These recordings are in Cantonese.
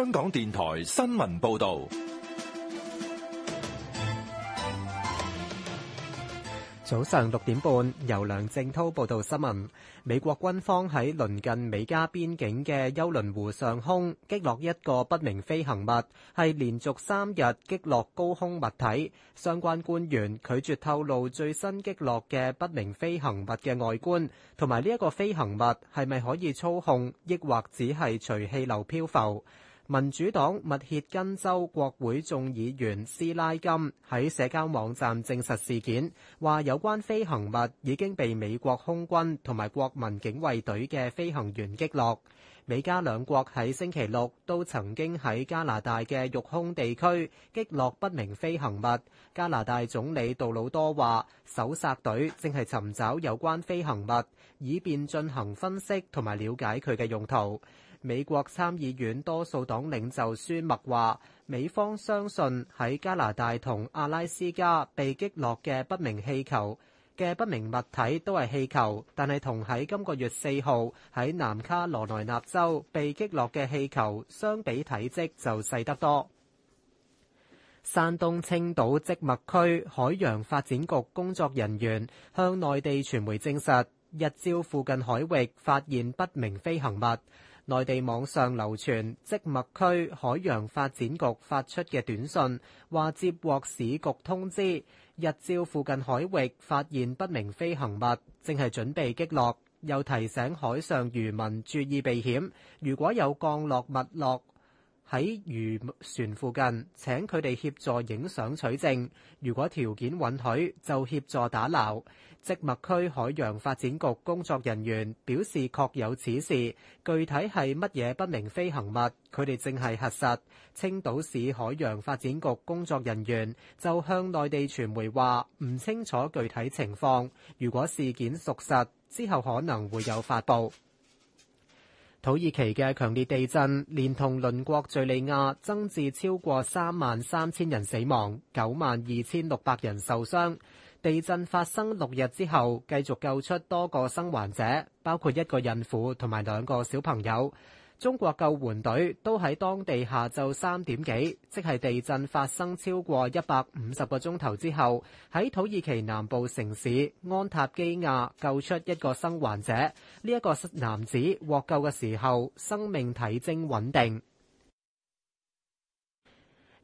香港電台新聞報道，早上六點半，由梁正濤報道新聞。美國軍方喺鄰近美加邊境嘅休倫湖上空擊落一個不明飛行物，係連續三日擊落高空物體。相關官員拒絕透露最新擊落嘅不明飛行物嘅外觀，同埋呢一個飛行物係咪可以操控，抑或只係隨氣流漂浮。民主黨密歇根州國會眾議員斯拉金喺社交網站證實事件，話有關飛行物已經被美國空軍同埋國民警衛隊嘅飛行員擊落。美加兩國喺星期六都曾經喺加拿大嘅育空地區擊落不明飛行物。加拿大總理杜魯多話搜索隊正係尋找有關飛行物，以便進行分析同埋了解佢嘅用途。美國參議院多數黨領袖舒默話，美方相信喺加拿大同阿拉斯加被擊落嘅不明氣球嘅不明物體都係氣球，但係同喺今個月四號喺南卡羅來納州被擊落嘅氣球相比，體積就細得多。山東青島即墨區海洋發展局工作人員向內地傳媒證實，日照附近海域發現不明飛行物。內地網上流傳，即墨區海洋發展局發出嘅短信，話接獲市局通知，日照附近海域發現不明飛行物，正係準備擊落，又提醒海上漁民注意避險，如果有降落物落喺漁船附近，請佢哋協助影相取證，如果條件允許，就協助打撈。即墨區海洋發展局工作人員表示，確有此事，具體係乜嘢不明飛行物，佢哋正係核實。青島市海洋發展局工作人員就向內地傳媒話唔清楚具體情況，如果事件屬實，之後可能會有發佈。土耳其嘅強烈地震連同鄰國敘利亞，增至超過三萬三千人死亡，九萬二千六百人受傷。地震發生六日之後，繼續救出多個生還者，包括一個孕婦同埋兩個小朋友。中國救援隊都喺當地下晝三點幾，即係地震發生超過一百五十個鐘頭之後，喺土耳其南部城市安塔基亞救出一個生還者。呢一個男子獲救嘅時候，生命體徵穩定。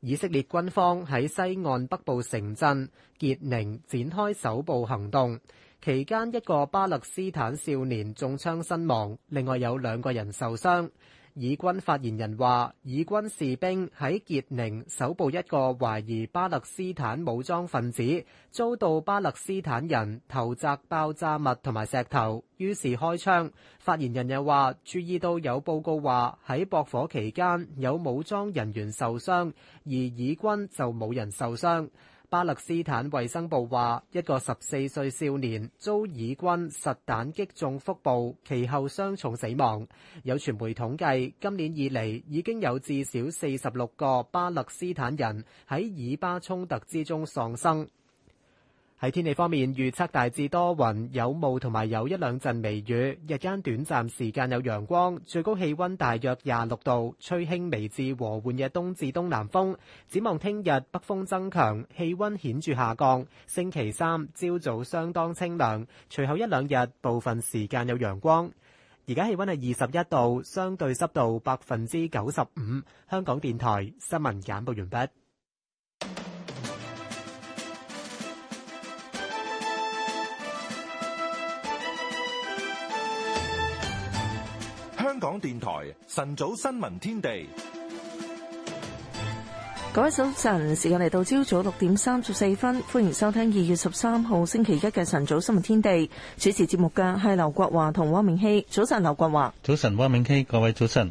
以色列軍方喺西岸北部城鎮傑寧展開搜捕行動，期間一個巴勒斯坦少年中槍身亡，另外有兩個人受傷。以軍發言人話：以軍士兵喺傑寧搜捕一個懷疑巴勒斯坦武裝分子，遭到巴勒斯坦人投擲爆炸物同埋石頭，於是開槍。發言人又話：注意到有報告話喺駁火期間有武裝人員受傷，而以軍就冇人受傷。巴勒斯坦衛生部話，一個十四歲少年遭以軍實彈擊中腹部，其後傷重死亡。有傳媒統計，今年以嚟已經有至少四十六個巴勒斯坦人喺以巴衝突之中喪生。喺天氣方面預測大致多雲有霧同埋有一兩陣微雨，日間短暫時間有陽光，最高氣溫大約廿六度，吹輕微至和緩嘅東至東南風。展望聽日北風增強，氣溫顯著下降。星期三朝早相當清涼，隨後一兩日部分時間有陽光。而家氣溫係二十一度，相對濕度百分之九十五。香港電台新聞簡報完畢。港電台晨早新聞天地，各位早晨，時間嚟到朝早六點三十四分，歡迎收聽二月十三號星期一嘅晨早新聞天地。主持節目嘅係劉國華同汪明熙。早晨，劉國華，早晨，汪明熙。各位早晨。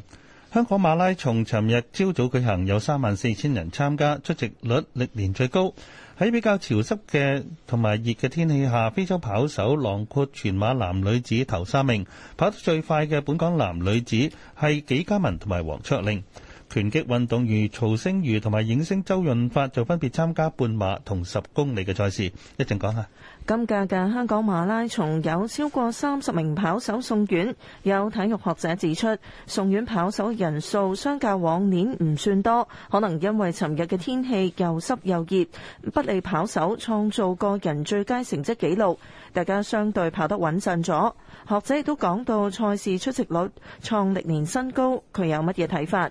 香港馬拉松尋日朝早舉行，有三萬四千人參加，出席率歷年最高。喺比較潮濕嘅同埋熱嘅天氣下，非洲跑手囊括全馬男女子頭三名，跑得最快嘅本港男女子係紀嘉文同埋黃卓玲。拳擊運動員曹星如同埋影星周潤發就分別參加半馬同十公里嘅賽事。一陣講下。今屆嘅香港馬拉松有超過三十名跑手送院，有體育學者指出，送院跑手人數相較往年唔算多，可能因為尋日嘅天氣又濕又熱，不利跑手創造個人最佳成績紀錄。大家相對跑得穩陣咗。學者亦都講到賽事出席率創歷年新高，佢有乜嘢睇法？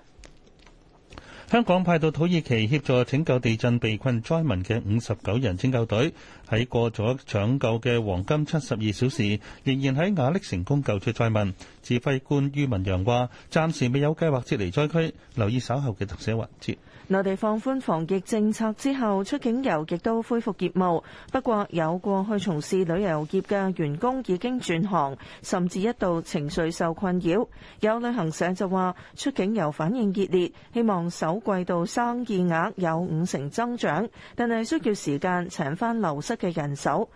香港派到土耳其協助拯救地震被困災民嘅五十九人拯救隊。喺過咗搶救嘅黃金七十二小時，仍然喺瓦礫成功救出災民。指揮官於文陽話：暫時未有計劃撤離災區，留意稍後嘅特寫環節。內地放寬防疫政策之後，出境遊亦都恢復業務。不過，有過去從事旅遊業嘅員工已經轉行，甚至一度情緒受困擾。有旅行社就話：出境遊反應熱烈，希望首季度生意額有五成增長，但係需要時間請翻流失嘅人手，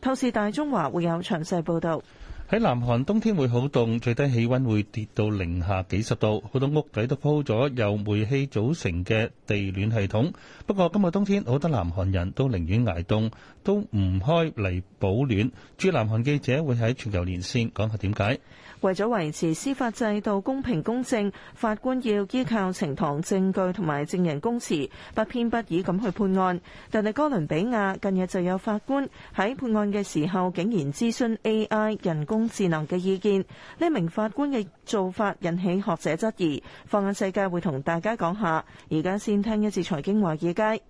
透視大中華會有詳細報道。喺南韓冬天會好凍，最低氣温會跌到零下幾十度，好多屋底都鋪咗由煤氣組成嘅地暖系統。不過今個冬天好多南韓人都寧願挨凍，都唔開嚟保暖。駐南韓記者會喺全球連線講下點解。為咗維持司法制度公平公正，法官要依靠呈堂證據同埋證人供詞，不偏不倚咁去判案。但係哥倫比亞近日就有法官喺判案嘅時候，竟然諮詢 AI 人工智能嘅意見，呢名法官嘅做法引起學者質疑。放眼世界，會同大家講下。而家先聽一次財經華爾街。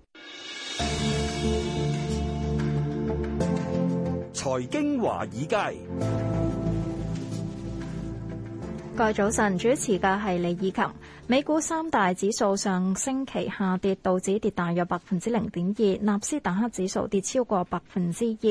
財經華爾街。各位早晨，主持嘅係李以琴。美股三大指數上星期下跌，道指跌大約百分之零點二，納斯達克指數跌超過百分之二，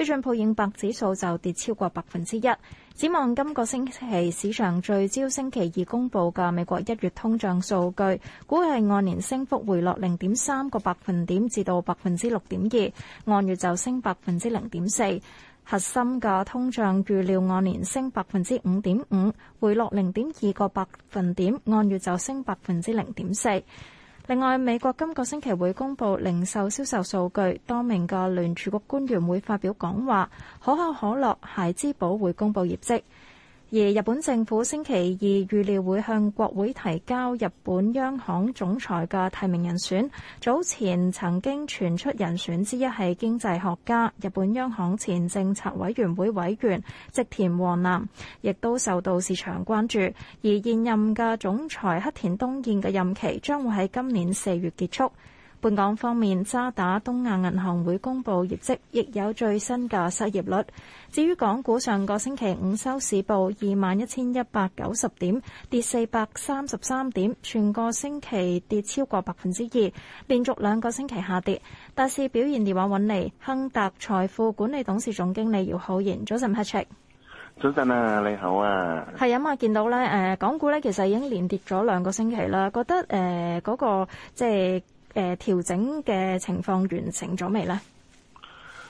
標準普爾五百指數就跌超過百分之一。展望今個星期，市場聚焦星期二公佈嘅美國一月通脹數據，估計按年升幅回落零點三個百分點至到百分之六點二，按月就升百分之零點四。核心嘅通脹預料按年升百分之五點五，回落零點二個百分點；按月就升百分之零點四。另外，美國今個星期會公布零售銷售數據，多名嘅聯儲局官員會發表講話，可口可樂、孩之寶會公布業績。而日本政府星期二預料會向國會提交日本央行總裁嘅提名人選，早前曾經傳出人選之一係經濟學家、日本央行前政策委員會委員植田和男，亦都受到市場關注。而現任嘅總裁黑田東彥嘅任期將會喺今年四月結束。本港方面，渣打、東亞銀行會公布業績，亦有最新嘅失業率。至於港股上個星期五收市報二萬一千一百九十點，跌四百三十三點，全個星期跌超過百分之二，連續兩個星期下跌。大市表現電話揾嚟，亨達財富管理董事總經理姚浩然，早晨，黑 Sir。早晨啊，你好啊。係啊，我見到咧，誒，港股咧其實已經連跌咗兩個星期啦。覺得誒嗰個即係。誒調整嘅情況完成咗未呢？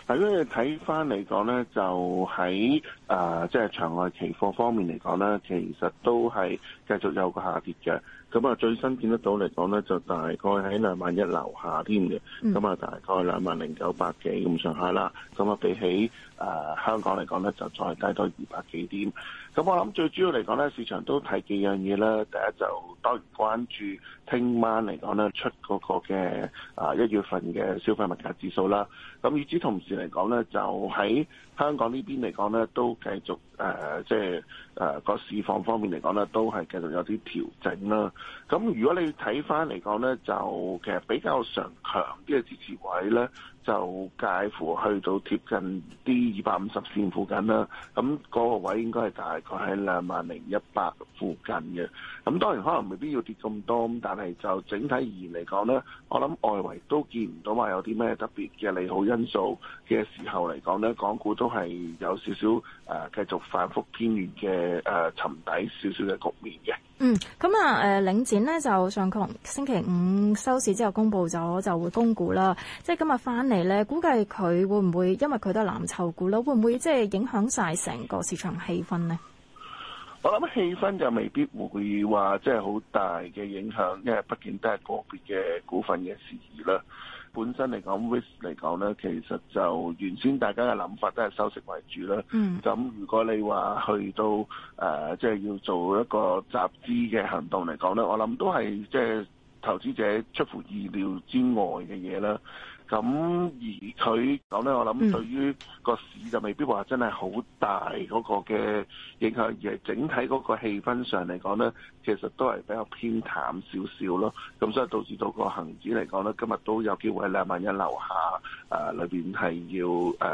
嗱，如果睇翻嚟講呢，就喺啊，即、呃、係、就是、場外期貨方面嚟講呢，其實都係繼續有個下跌嘅。咁啊，最新見得到嚟講咧，就大概喺兩萬一樓下添嘅，咁啊、嗯，大概兩萬零九百幾咁上下啦。咁啊，比起誒、呃、香港嚟講咧，就再低多二百幾點。咁我諗最主要嚟講咧，市場都睇幾樣嘢啦。第一就當然關注聽晚嚟講咧出嗰個嘅啊一月份嘅消費物價指數啦。咁與此同時嚟講咧，就喺香港呢邊嚟講咧都繼續誒、呃、即係。誒，個市況方面嚟講咧，都係繼續有啲調整啦。咁如果你睇翻嚟講咧，就其實比較常強啲嘅支持位咧。就介乎去到貼近啲二百五十線附近啦，咁嗰個位應該係大概喺兩萬零一百附近嘅。咁當然可能未必要跌咁多，咁但係就整體而言嚟講呢，我諗外圍都見唔到話有啲咩特別嘅利好因素嘅時候嚟講呢，港股都係有少少誒、呃、繼續反覆偏弱嘅誒沉底少少嘅局面嘅。嗯，咁啊，誒，領展咧，就上個星期五收市之後公佈咗，就會公佈啦。即係今日翻嚟咧，估計佢會唔會，因為佢都係藍籌股啦，會唔會即係影響晒成個市場氣氛咧？我諗氣氛就未必會話即係好大嘅影響，因為畢竟都係個別嘅股份嘅事宜啦。本身嚟講 Vis 嚟講呢，其實就原先大家嘅諗法都係收息為主啦。咁、mm. 如果你話去到誒，即、uh，係要做一個集資嘅行動嚟講呢，我諗都係即係投資者出乎意料之外嘅嘢啦。咁而佢講咧，我諗對於個市就未必話真係好大嗰個嘅影響，而係整體嗰個氣氛上嚟講咧，其實都係比較偏淡少少咯。咁所以導致到個恒指嚟講咧，今日都有機會喺兩萬一樓下，誒裏邊係要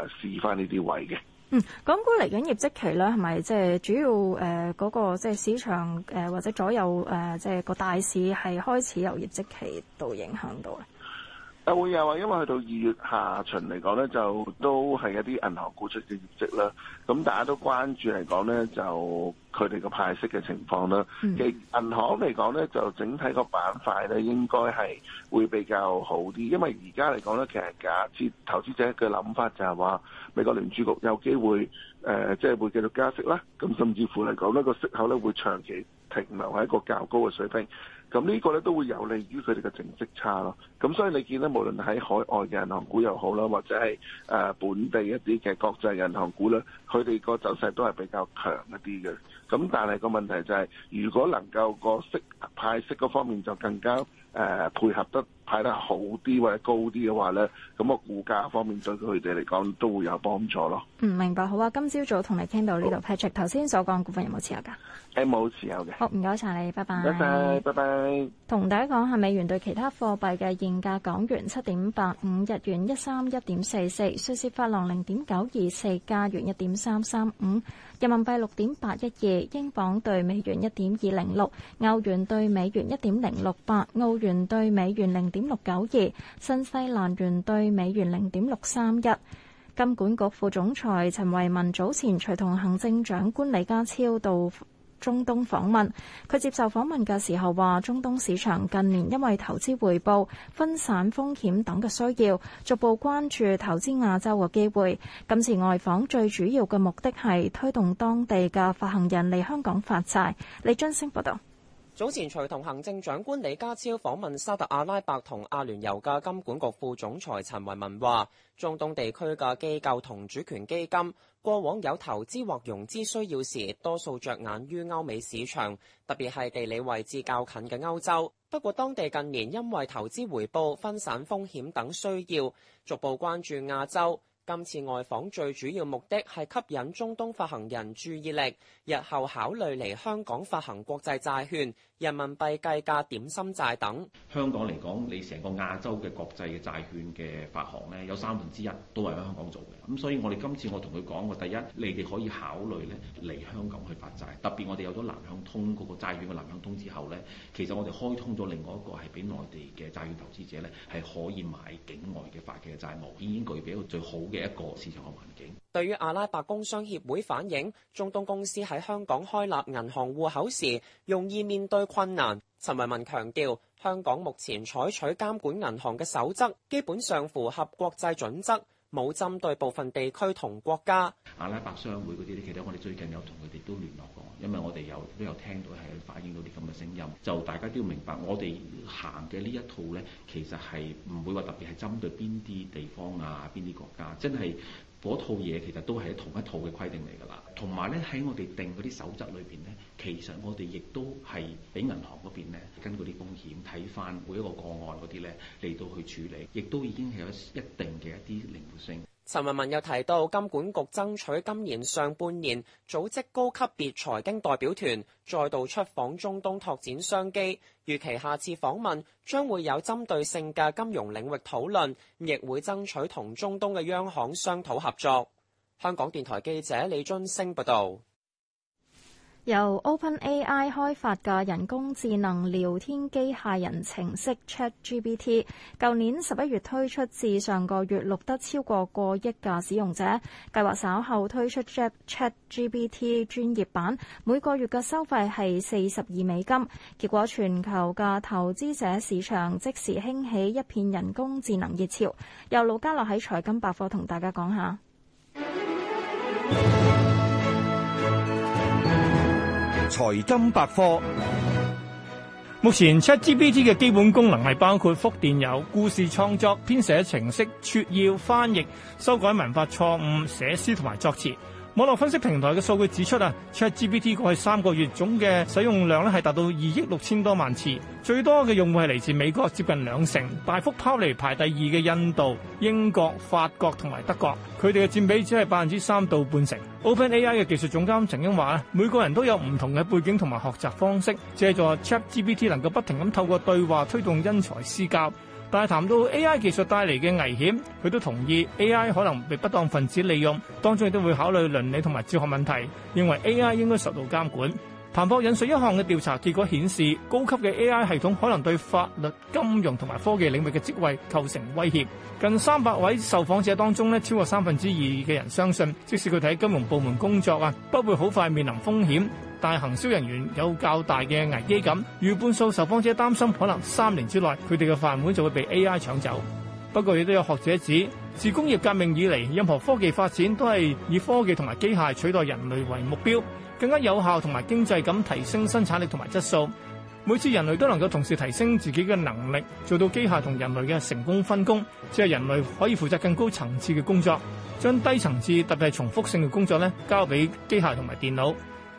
誒試翻呢啲位嘅。嗯，港股嚟緊業績期咧，係咪即係主要誒嗰個即係市場誒或者左右誒即係個大市係開始由業績期度影響到啊？啊，會又話，因為去到二月下旬嚟講咧，就都係一啲銀行股出嘅業績啦。咁大家都關注嚟講咧，就佢哋個派息嘅情況啦。其實銀行嚟講咧，就整體個板塊咧，應該係會比較好啲。因為而家嚟講咧，其實假設投資者嘅諗法就係話，美國聯儲局有機會誒，即係會繼續加息啦。咁甚至乎嚟講呢，個息口咧會長期停留喺一個較高嘅水平。咁呢個咧都會有利於佢哋嘅淨息差咯。咁所以你見咧，無論喺海外嘅銀行股又好啦，或者係誒、呃、本地一啲嘅國際銀行股咧，佢哋個走勢都係比較強一啲嘅。咁但係個問題就係、是，如果能夠個息派息嗰方面就更加誒、呃、配合得。睇得好啲或者高啲嘅話呢，咁個股價方面對佢哋嚟講都會有幫助咯。嗯，明白。好啊，今朝早同你傾到呢度，Patrick，頭先所講股份有冇持有㗎？誒冇持有嘅。好，唔該曬你，拜拜。多謝，拜拜。同大家講下美元對其他貨幣嘅現價：港元七點八五，日元一三一點四四，瑞士法郎零點九二四，加元一點三三五，人民幣六點八一二，英鎊對美元一點二零六，歐元對美元一點零六八，澳元對美元零點。點六九二，92, 新西蘭元兌美元零點六三一。金管局副總裁陳維民早前隨同行政長官李家超到中東訪問，佢接受訪問嘅時候話：中東市場近年因為投資回報、分散風險等嘅需要，逐步關注投資亞洲嘅機會。今次外訪最主要嘅目的係推動當地嘅發行人嚟香港發債。李津升報道。早前隨同行政長官李家超訪問沙特阿拉伯同阿聯酋嘅金管局副總裁陳維民話，中東地區嘅機構同主權基金過往有投資或融資需要時，多數着眼於歐美市場，特別係地理位置較近嘅歐洲。不過當地近年因為投資回報、分散風險等需要，逐步關注亞洲。今次外訪最主要目的係吸引中東發行人注意力，日後考慮嚟香港發行國際債券。人民幣計價點心債等，香港嚟講，你成個亞洲嘅國際嘅債券嘅發行呢，有三分之一都係喺香港做嘅。咁所以，我哋今次我同佢講過，我第一，你哋可以考慮咧嚟香港去發債。特別我哋有咗南向通嗰個債券嘅南向通之後呢，其實我哋開通咗另外一個係俾內地嘅債券投資者呢，係可以買境外嘅發嘅債務，已經具備一個最好嘅一個市場嘅環境。對於阿拉伯工商協會反映，中東公司喺香港開立銀行戶口時容易面對困難。陳維文強調，香港目前採取監管銀行嘅守則，基本上符合國際準則，冇針對部分地區同國家。阿拉伯商會嗰啲，其實我哋最近有同佢哋都聯絡過，因為我哋有都有聽到係反映到啲咁嘅聲音，就大家都要明白，我哋行嘅呢一套咧，其實係唔會話特別係針對邊啲地方啊、邊啲國家，真係。嗰套嘢其實都係同一套嘅規定嚟㗎啦，同埋呢，喺我哋定嗰啲守則裏邊呢，其實我哋亦都係俾銀行嗰邊呢，根據啲風險睇翻每一個個案嗰啲呢嚟到去處理，亦都已經係有一定嘅一啲靈活性。陳文文又提到，金管局爭取今年上半年組織高級別財經代表團，再度出訪中東拓展商機。預期下次訪問將會有針對性嘅金融領域討論，亦會爭取同中東嘅央行商討合作。香港電台記者李津升報道。由 OpenAI 開發嘅人工智能聊天機械人程式 ChatGPT，舊年十一月推出，至上個月錄得超過過億嘅使用者。計劃稍後推出 Chat ChatGPT 專業版，每個月嘅收費係四十二美金。結果全球嘅投資者市場即時興起一片人工智能熱潮。由盧嘉樂喺財金百貨同大家講下。 財金百科。目前 ChatGPT 嘅基本功能係包括覆電郵、故事創作、編寫程式、撮要、翻譯、修改文法錯誤、寫詩同埋作詞。網絡分析平台嘅數據指出啊，ChatGPT 過去三個月總嘅使用量咧係達到二億六千多萬次，最多嘅用戶係嚟自美國，接近兩成，大幅拋離排第二嘅印度、英國、法國同埋德國，佢哋嘅佔比只係百分之三到半成。OpenAI 嘅技術總監曾經話咧，每個人都有唔同嘅背景同埋學習方式，借助 ChatGPT 能夠不停咁透過對話推動因材施教。但係談到 AI 技術帶嚟嘅危險，佢都同意 AI 可能被不當分子利用，當中亦都會考慮倫理同埋哲學問題，認為 AI 應該受到監管。譚博引述一項嘅調查結果顯示，高級嘅 AI 系統可能對法律、金融同埋科技領域嘅職位構成威脅。近三百位受訪者當中呢，超過三分之二嘅人相信，即使佢哋喺金融部門工作啊，不會好快面臨風險。大行銷人員有較大嘅危機感，逾半數受訪者擔心，可能三年之內佢哋嘅飯碗就會被 AI 搶走。不過，亦都有學者指，自工業革命以嚟，任何科技發展都係以科技同埋機械取代人類為目標，更加有效同埋經濟咁提升生產力同埋質素。每次人類都能夠同時提升自己嘅能力，做到機械同人類嘅成功分工，即係人類可以負責更高層次嘅工作，將低層次特別係重複性嘅工作咧交俾機械同埋電腦。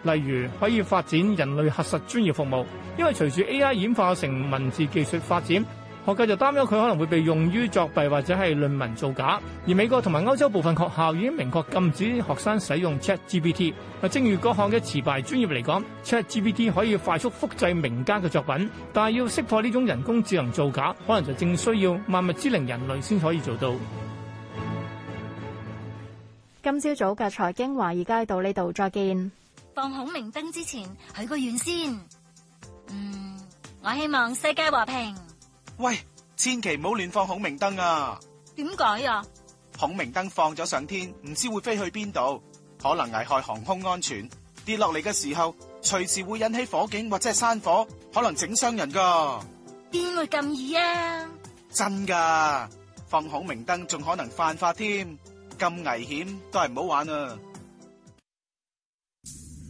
例如可以發展人類核實專業服務，因為隨住 A I 演化成文字技術發展，學界就擔憂佢可能會被用於作弊或者係論文造假。而美國同埋歐洲部分學校已經明確禁止學生使用 Chat GPT。嗱，正如嗰項嘅詞牌專業嚟講，Chat GPT 可以快速複製名家嘅作品，但係要識破呢種人工智能造假，可能就正需要萬物之靈人類先可以做到。今朝早嘅財經華爾街，到呢度再見。放孔明燈之前許個願先，嗯，我希望世界和平。喂，千祈唔好亂放孔明燈啊！點解啊？孔明燈放咗上天，唔知會飛去邊度，可能危害航空安全。跌落嚟嘅時候，隨時會引起火警或者係山火，可能整傷人噶。邊會咁易啊？真噶，放孔明燈仲可能犯法添，咁危險都係唔好玩啊！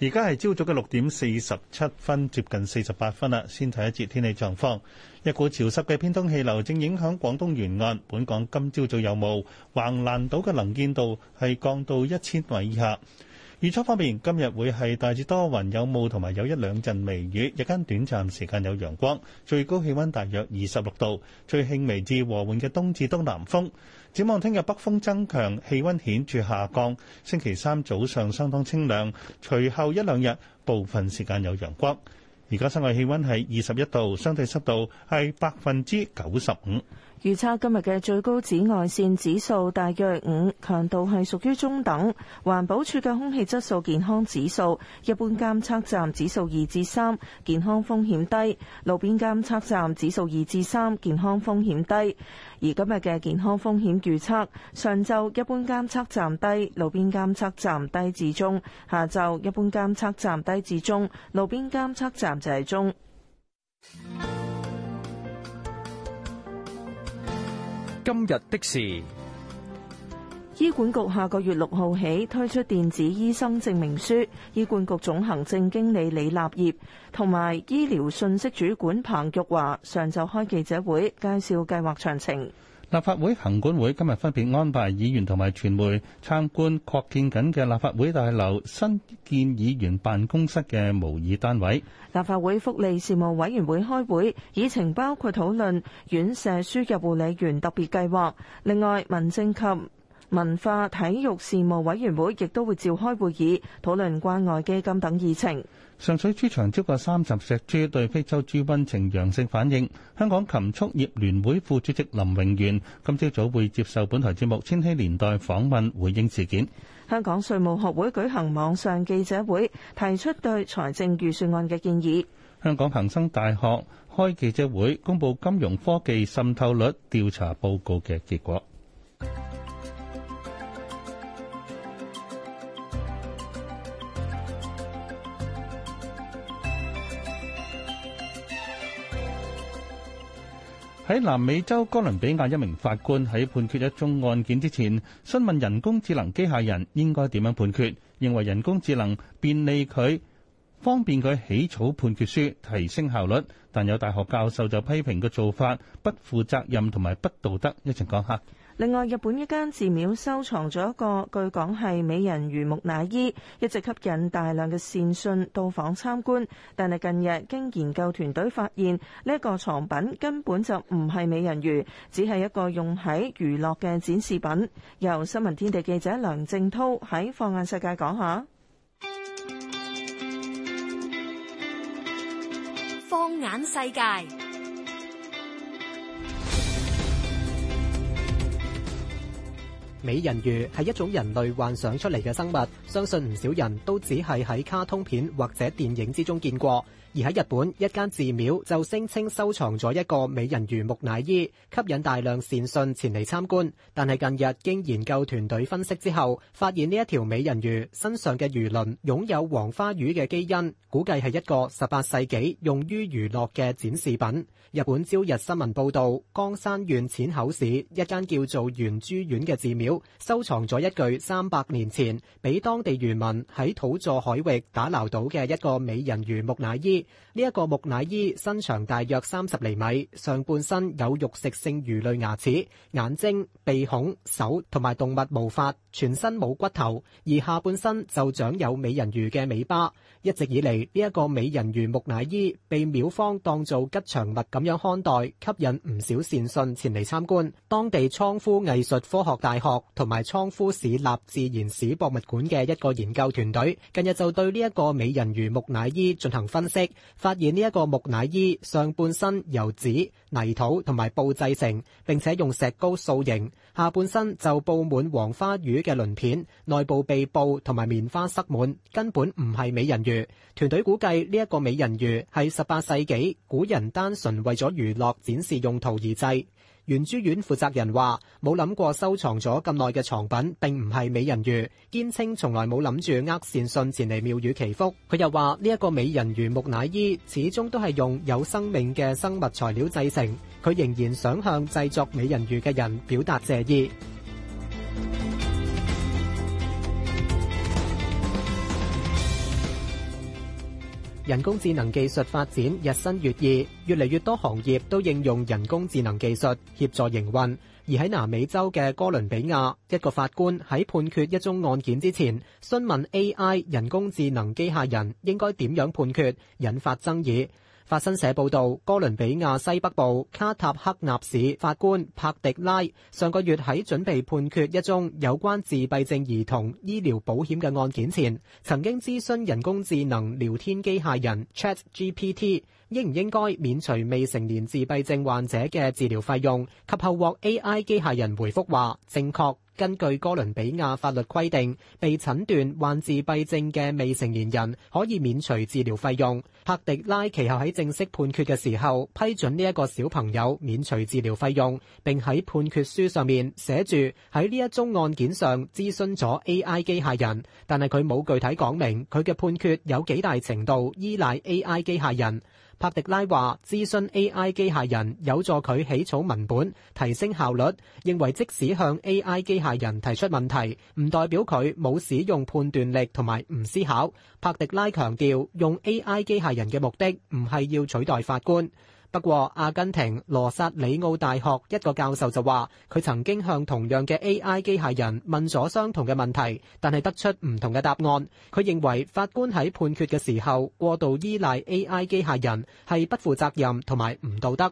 而家係朝早嘅六點四十七分，接近四十八分啦。先睇一節天氣狀況。一股潮濕嘅偏東氣流正影響廣東沿岸，本港今朝早有霧，橫瀾島嘅能見度係降到一千米以下。預測方面，今日會係大致多雲有霧，同埋有，有一兩陣微雨，日間短暫時間有陽光，最高氣温大約二十六度，最輕微至和緩嘅東至東南風。展望聽日北風增強，氣温顯著下降。星期三早上相當清涼，隨後一兩日部分時間有陽光。而家室外氣温係二十一度，相對濕度係百分之九十五。預測今日嘅最高紫外線指數大約五，強度係屬於中等。環保署嘅空氣質素健康指數，一般監測站指數二至三，3, 健康風險低；路邊監測站指數二至三，3, 健康風險低。而今日嘅健康風險預測，上晝一般監測站低，路邊監測站低至中；下晝一般監測站低至中，路邊監測站就係中。今日的事，醫管局下個月六號起推出電子醫生證明書。醫管局總行政經理李立業同埋醫療信息主管彭玉華上晝開記者會，介紹計劃詳情。立法會行管會今日分別安排議員同埋傳媒參觀擴建緊嘅立法會大樓、新建議員辦公室嘅模擬單位。立法會福利事務委員會開會，議程包括討論院舍輸入護理員特別計劃。另外，民政及文化體育事務委員會亦都會召開會議，討論關愛基金等議程。上水豬場超過三十隻豬對非洲豬瘟呈陽性反應。香港禽畜業聯會副主席林榮元今朝早會接受本台節目《千禧年代》訪問，回應事件。香港稅務學會舉行網上記者會，提出對財政預算案嘅建議。香港恒生大學開記者會，公布金融科技滲透率調查報告嘅結果。喺南美洲哥倫比亞一名法官喺判決一宗案件之前，詢問人工智能機械人應該點樣判決，認為人工智能便利佢，方便佢起草判決書提升效率。但有大學教授就批評個做法不負責任同埋不道德。一齊講下。另外，日本一間寺廟收藏咗一個據講係美人魚木乃伊，一直吸引大量嘅善信到訪參觀。但係近日經研究團隊發現，呢一個藏品根本就唔係美人魚，只係一個用喺娛樂嘅展示品。由新聞天地記者梁正濤喺放眼世界講下。放眼世界。美人魚係一種人類幻想出嚟嘅生物，相信唔少人都只係喺卡通片或者電影之中見過。而喺日本一間寺廟就聲稱收藏咗一個美人魚木乃伊，吸引大量善信前嚟參觀，但係近日經研究團隊分析之後發現呢一條美人魚身上嘅魚鱗擁有黃花魚嘅基因，估計係一個十八世紀用於娛樂嘅展示品。日本朝日新聞報道，江山縣淺口市一間叫做圓珠院嘅寺廟收藏咗一具三百年前俾當地漁民喺土佐海域打撈到嘅一個美人魚木乃伊。呢一個木乃伊身長大約三十厘米，上半身有肉食性魚類牙齒、眼睛、鼻孔、手同埋動物毛髮，全身冇骨頭，而下半身就長有美人魚嘅尾巴。一直以嚟，呢一個美人魚木乃伊被廟方當做吉祥物咁樣看待，吸引唔少善信前嚟參觀。當地倉敷藝術科學大學同埋倉敷市立自然史博物館嘅一個研究團隊近日就對呢一個美人魚木乃伊進行分析，發現呢一個木乃伊上半身由紙泥土同埋布製成，並且用石膏塑形。下半身就布滿黃花魚嘅鱗片，內部被布同埋棉花塞滿，根本唔係美人魚。團隊估計呢一個美人魚係十八世紀古人單純為咗娛樂展示用途而製。圓珠院負責人話：冇諗過收藏咗咁耐嘅藏品，並唔係美人魚，堅稱從來冇諗住呃善信前嚟廟宇祈福。佢又話：呢、這、一個美人魚木乃伊始終都係用有生命嘅生物材料製成，佢仍然想向製作美人魚嘅人表達謝意。人工智能技術發展日新月異，越嚟越多行業都應用人工智能技術協助營運。而喺南美洲嘅哥倫比亞，一個法官喺判決一宗案件之前，詢問 AI 人工智能機械人應該點樣判決，引發爭議。法新社報導，哥倫比亞西北部卡塔克納市法官帕迪拉上個月喺準備判決一宗有關自閉症兒童醫療保險嘅案件前，曾經諮詢人工智能聊天機械人 ChatGPT。應唔應該免除未成年自閉症患者嘅治療費用？及後獲 A.I. 機械人回覆話，正確。根據哥倫比亞法律規定，被診斷患自閉症嘅未成年人可以免除治療費用。帕迪拉其後喺正式判決嘅時候批准呢一個小朋友免除治療費用，並喺判決書上面寫住喺呢一宗案件上諮詢咗 A.I. 機械人，但係佢冇具體講明佢嘅判決有幾大程度依賴 A.I. 機械人。帕迪拉話：諮詢 AI 機械人有助佢起草文本，提升效率。認為即使向 AI 機械人提出問題，唔代表佢冇使用判斷力同埋唔思考。帕迪拉強調，用 AI 機械人嘅目的唔係要取代法官。不過，阿根廷羅薩里奧大學一個教授就話，佢曾經向同樣嘅 AI 機械人問咗相同嘅問題，但係得出唔同嘅答案。佢認為法官喺判決嘅時候過度依賴 AI 機械人係不負責任同埋唔道德。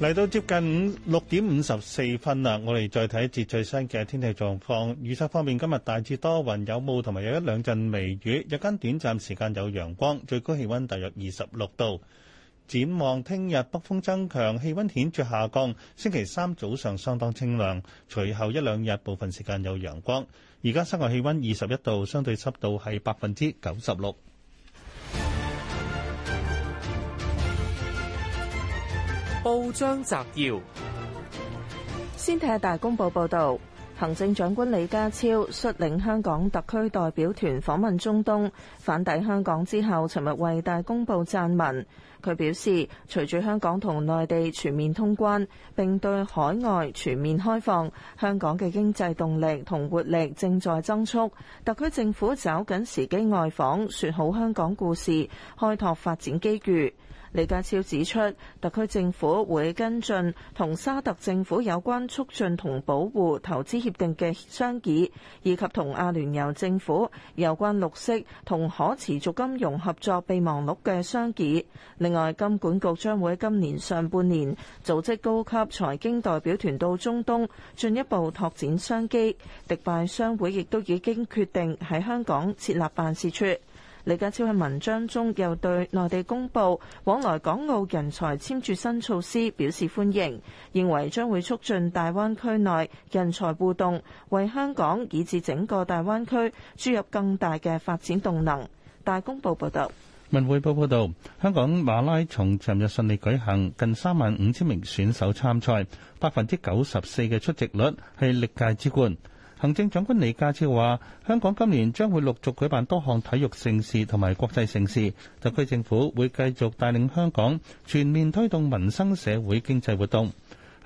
嚟到接近五六點五十四分啦，我哋再睇一節最新嘅天氣狀況。預測方面，今日大致多雲有霧，同埋有一兩陣微雨。日間短暫時間有陽光，最高氣溫大約二十六度。展望聽日北風增強，氣溫顯著下降。星期三早上相當清涼，隨後一兩日部分時間有陽光。而家室外氣溫二十一度，相對濕度係百分之九十六。報章摘要：先睇下大公報報道，行政長官李家超率領香港特區代表團訪問中東，返抵香港之後，尋日為大公報撰文，佢表示，隨住香港同內地全面通關，並對海外全面開放，香港嘅經濟動力同活力正在增速，特區政府找緊時機外訪，說好香港故事，開拓發展機遇。李家超指出，特區政府會跟進同沙特政府有關促進同保護投資協定嘅商議，以及同阿聯酋政府有關綠色同可持續金融合作備忘錄嘅商議。另外，金管局將會今年上半年組織高級財經代表團到中東，進一步拓展商機。迪拜商會亦都已經決定喺香港設立辦事處。李家超喺文章中又對內地公佈往來港澳人才簽注新措施表示歡迎，認為將會促進大灣區內人才互動，為香港以至整個大灣區注入更大嘅發展動能。大公報報道。文匯報報道，香港馬拉松昨日順利舉行，近三萬五千名選手參賽，百分之九十四嘅出席率係歷屆之冠。行政長官李家超話：香港今年將會陸續舉辦多項體育盛事同埋國際盛事，特區政府會繼續帶領香港全面推動民生社會經濟活動。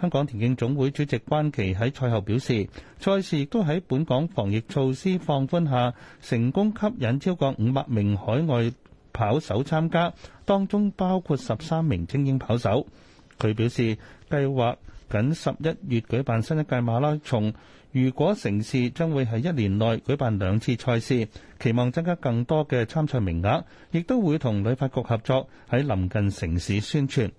香港田徑總會主席關琪喺賽後表示，賽事亦都喺本港防疫措施放寬下成功吸引超過五百名海外跑手參加，當中包括十三名精英跑手。佢表示，計劃緊十一月舉辦新一屆馬拉松。如果成事，將會喺一年內舉辦兩次賽事，期望增加更多嘅參賽名額，亦都會同旅發局合作喺臨近城市宣傳。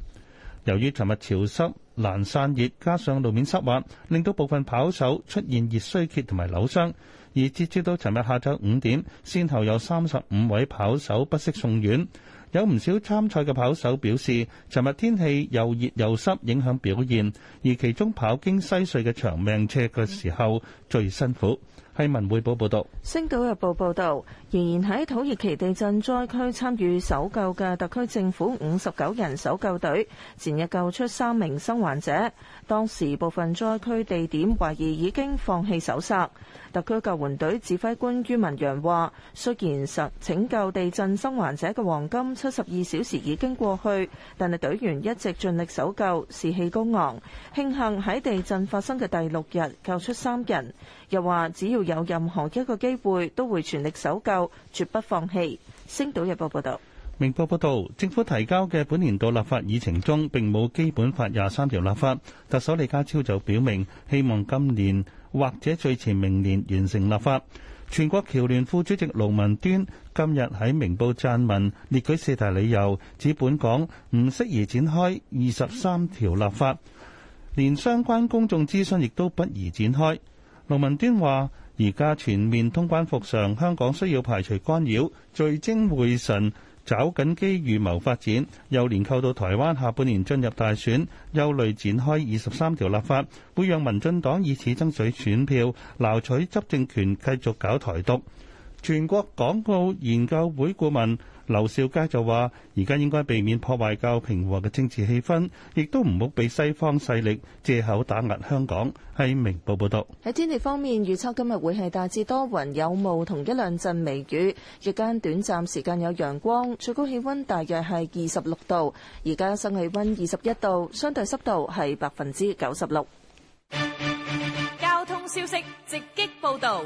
由於尋日潮濕難散熱，加上路面濕滑，令到部分跑手出現熱衰竭同埋扭傷，而截至到尋日下晝五點，先後有三十五位跑手不適送院。有唔少參賽嘅跑手表示，尋日天氣又熱又濕影響表現，而其中跑經西隧嘅長命斜嘅時候最辛苦。係文匯報報道，《星島日報》報道，仍然喺土耳其地震災區參與搜救嘅特區政府五十九人搜救隊，前日救出三名生還者。當時部分災區地點懷疑已經放棄搜殺，特區救援隊指揮官于文揚話：雖然實拯救地震生還者嘅黃金七十二小時已經過去，但係隊員一直盡力搜救，士氣高昂。慶幸喺地震發生嘅第六日救出三人。又話，只要有任何一個機會，都會全力搜救，絕不放棄。星島日報報道：「明報報道，政府提交嘅本年度立法議程中並冇基本法廿三條立法。特首李家超就表明，希望今年或者最遲明年完成立法。全國僑聯副主席盧文端今日喺明報撰文，列舉四大理由，指本港唔適宜展開二十三條立法，連相關公眾諮詢亦都不宜展開。」盧文端話，而家全面通關復常，香港需要排除干擾，聚精會神，找緊機遇謀發展。又連扣到台灣下半年進入大選，憂慮展開二十三條立法，會讓民進黨以此爭取選票，撈取執政權，繼續搞台獨。全國港澳研究會顧問劉少佳就話，而家應該避免破壞較較平和嘅政治氣氛，亦都唔好俾西方勢力借口打壓香港。係明報報道。喺天氣方面，預測今日會係大致多雲有霧同一兩陣微雨，日間短暫時間有陽光，最高氣溫大約係二十六度，而家新氣溫二十一度，相對濕度係百分之九十六。交通消息直擊報道。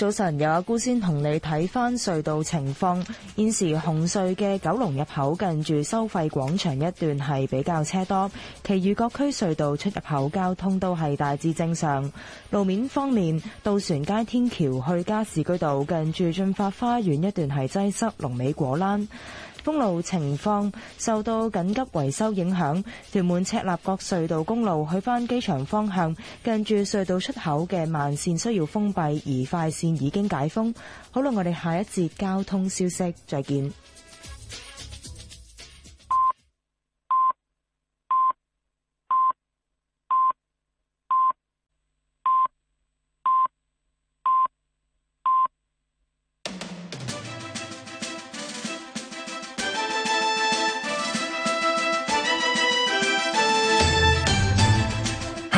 早晨，有阿姑先同你睇翻隧道情況，現時紅隧嘅九龍入口近住收費廣場一段係比較車多，其餘各區隧道出入口交通都係大致正常。路面方面，渡船街天橋去加士居道近住進發花園一段係擠塞，龍尾果欄。封路情況，受到緊急維修影響，屯門赤鱲角隧道公路去返機場方向，近住隧道出口嘅慢綫需要封閉，而快綫已經解封。好啦，我哋下一節交通消息，再見。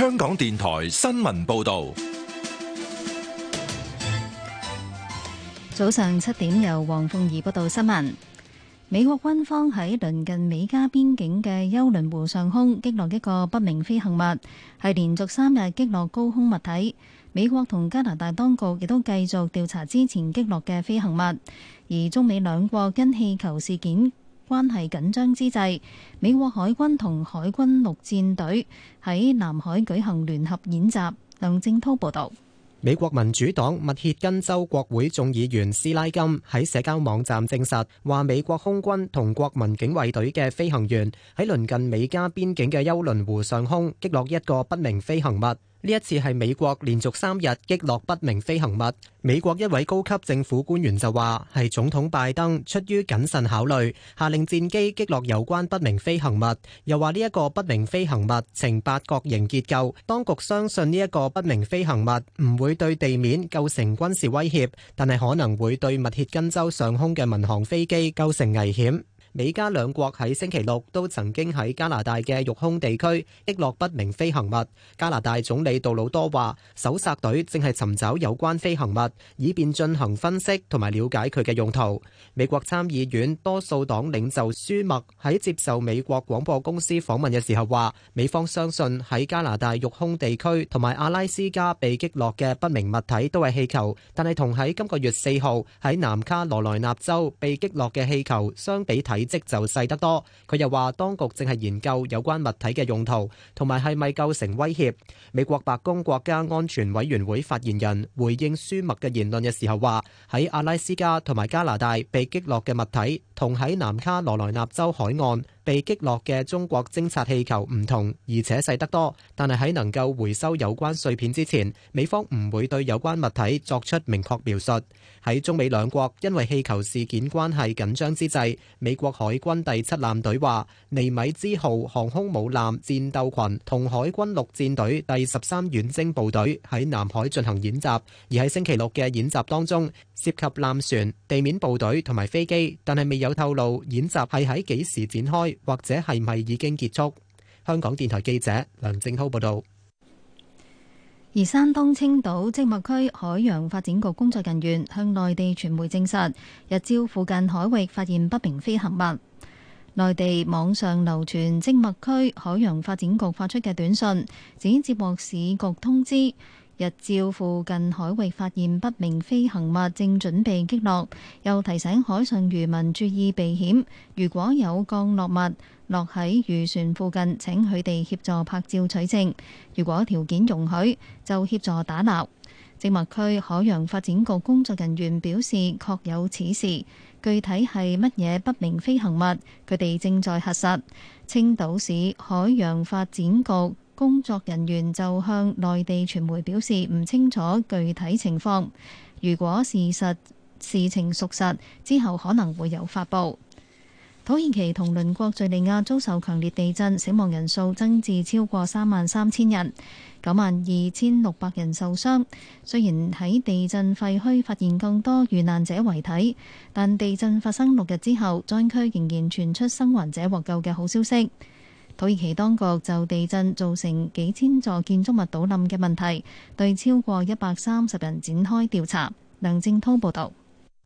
香港電台新聞報道，早上七點由黃鳳儀報道新聞。美國軍方喺鄰近美加邊境嘅休倫湖上空擊落一個不明飛行物，係連續三日擊落高空物體。美國同加拿大當局亦都繼續調查之前擊落嘅飛行物，而中美兩國因氣球事件，關係緊張之際，美國海軍同海軍陸戰隊喺南海舉行聯合演習。梁正濤報道。美國民主黨密歇根州國會眾議員斯拉金喺社交網站證實，話美國空軍同國民警衛隊嘅飛行員喺鄰近美加邊境嘅休倫湖上空擊落一個不明飛行物。呢一次係美國連續三日擊落不明飛行物。美國一位高級政府官員就話係總統拜登出於謹慎考慮，下令戰機擊落有關不明飛行物。又話呢一個不明飛行物呈八角形結構，當局相信呢一個不明飛行物唔會對地面構成軍事威脅，但係可能會對密歇根州上空嘅民航飛機構成危險。美加兩國喺星期六都曾經喺加拿大嘅育空地區擊落不明飛行物。加拿大總理杜魯多話，搜索隊正係尋找有關飛行物，以便進行分析同埋了解佢嘅用途。美國參議院多數黨領袖舒默喺接受美國廣播公司訪問嘅時候話，美方相信喺加拿大育空地區同埋阿拉斯加被擊落嘅不明物體都係氣球，但係同喺今個月四號，喺南卡羅來納州被擊落嘅氣球相比睇體積就細得多。佢又話，當局正係研究有關物體嘅用途，同埋係咪構成威脅。美國白宮國家安全委員會發言人回應舒默嘅言論嘅時候話，喺阿拉斯加同埋加拿大被擊落嘅物體，同喺南卡羅來納州海岸。被擊落嘅中國偵察氣球唔同，而且細得多。但係喺能夠回收有關碎片之前，美方唔會對有關物體作出明確描述。喺中美兩國因為氣球事件關係緊張之際，美國海軍第七艦隊話：尼米茲號航空母艦戰鬥群同海軍陸戰隊第十三遠征部隊喺南海進行演習，而喺星期六嘅演習當中涉及艦船、地面部隊同埋飛機，但係未有透露演習係喺幾時展開。或者係咪已經結束？香港電台記者梁正浩報道。而山東青島即墨區海洋發展局工作人員向內地傳媒證實，日照附近海域發現不明飛行物。內地網上流傳即墨區海洋發展局發出嘅短信，只接獲市局通知。日照附近海域發現不明飛行物，正準備擊落，又提醒海上漁民注意避險。如果有降落物落喺漁船附近，請佢哋協助拍照取證。如果條件容許，就協助打撈。靜脈區海洋發展局工作人員表示，確有此事，具體係乜嘢不明飛行物，佢哋正在核實。青島市海洋發展局。工作人員就向內地傳媒表示唔清楚具體情況，如果事實事情屬實，之後可能會有發布。土耳其同鄰國敘利亞遭受強烈地震，死亡人數增至超過三萬三千人，九萬二千六百人受傷。雖然喺地震廢墟發現更多遇難者遺體，但地震發生六日之後，災區仍然傳出生還者獲救嘅好消息。土耳其當局就地震造成幾千座建築物倒冧嘅問題，對超過一百三十人展開調查。梁正滔報導。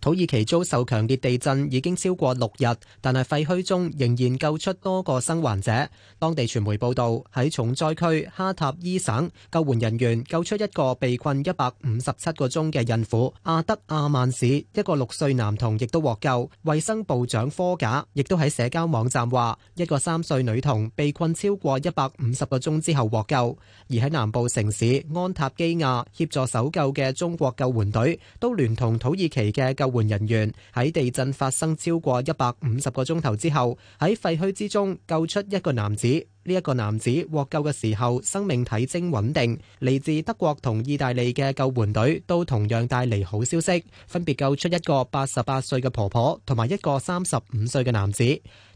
土耳其遭受強烈地震已經超過六日，但係廢墟中仍然救出多個生還者。當地傳媒報道，喺重災區哈塔伊省，救援人員救出一個被困一百五十七個鐘嘅孕婦；阿德亞曼市一個六歲男童亦都獲救。衛生部長科賈亦都喺社交網站話，一個三歲女童被困超過一百五十個鐘之後獲救。而喺南部城市安塔基亞協助搜救嘅中國救援隊，都聯同土耳其嘅救救援人員喺地震發生超過一百五十個鐘頭之後，喺廢墟之中救出一個男子。呢一個男子獲救嘅時候，生命體徵穩定。嚟自德國同意大利嘅救援隊都同樣帶嚟好消息，分別救出一個八十八歲嘅婆婆同埋一個三十五歲嘅男子。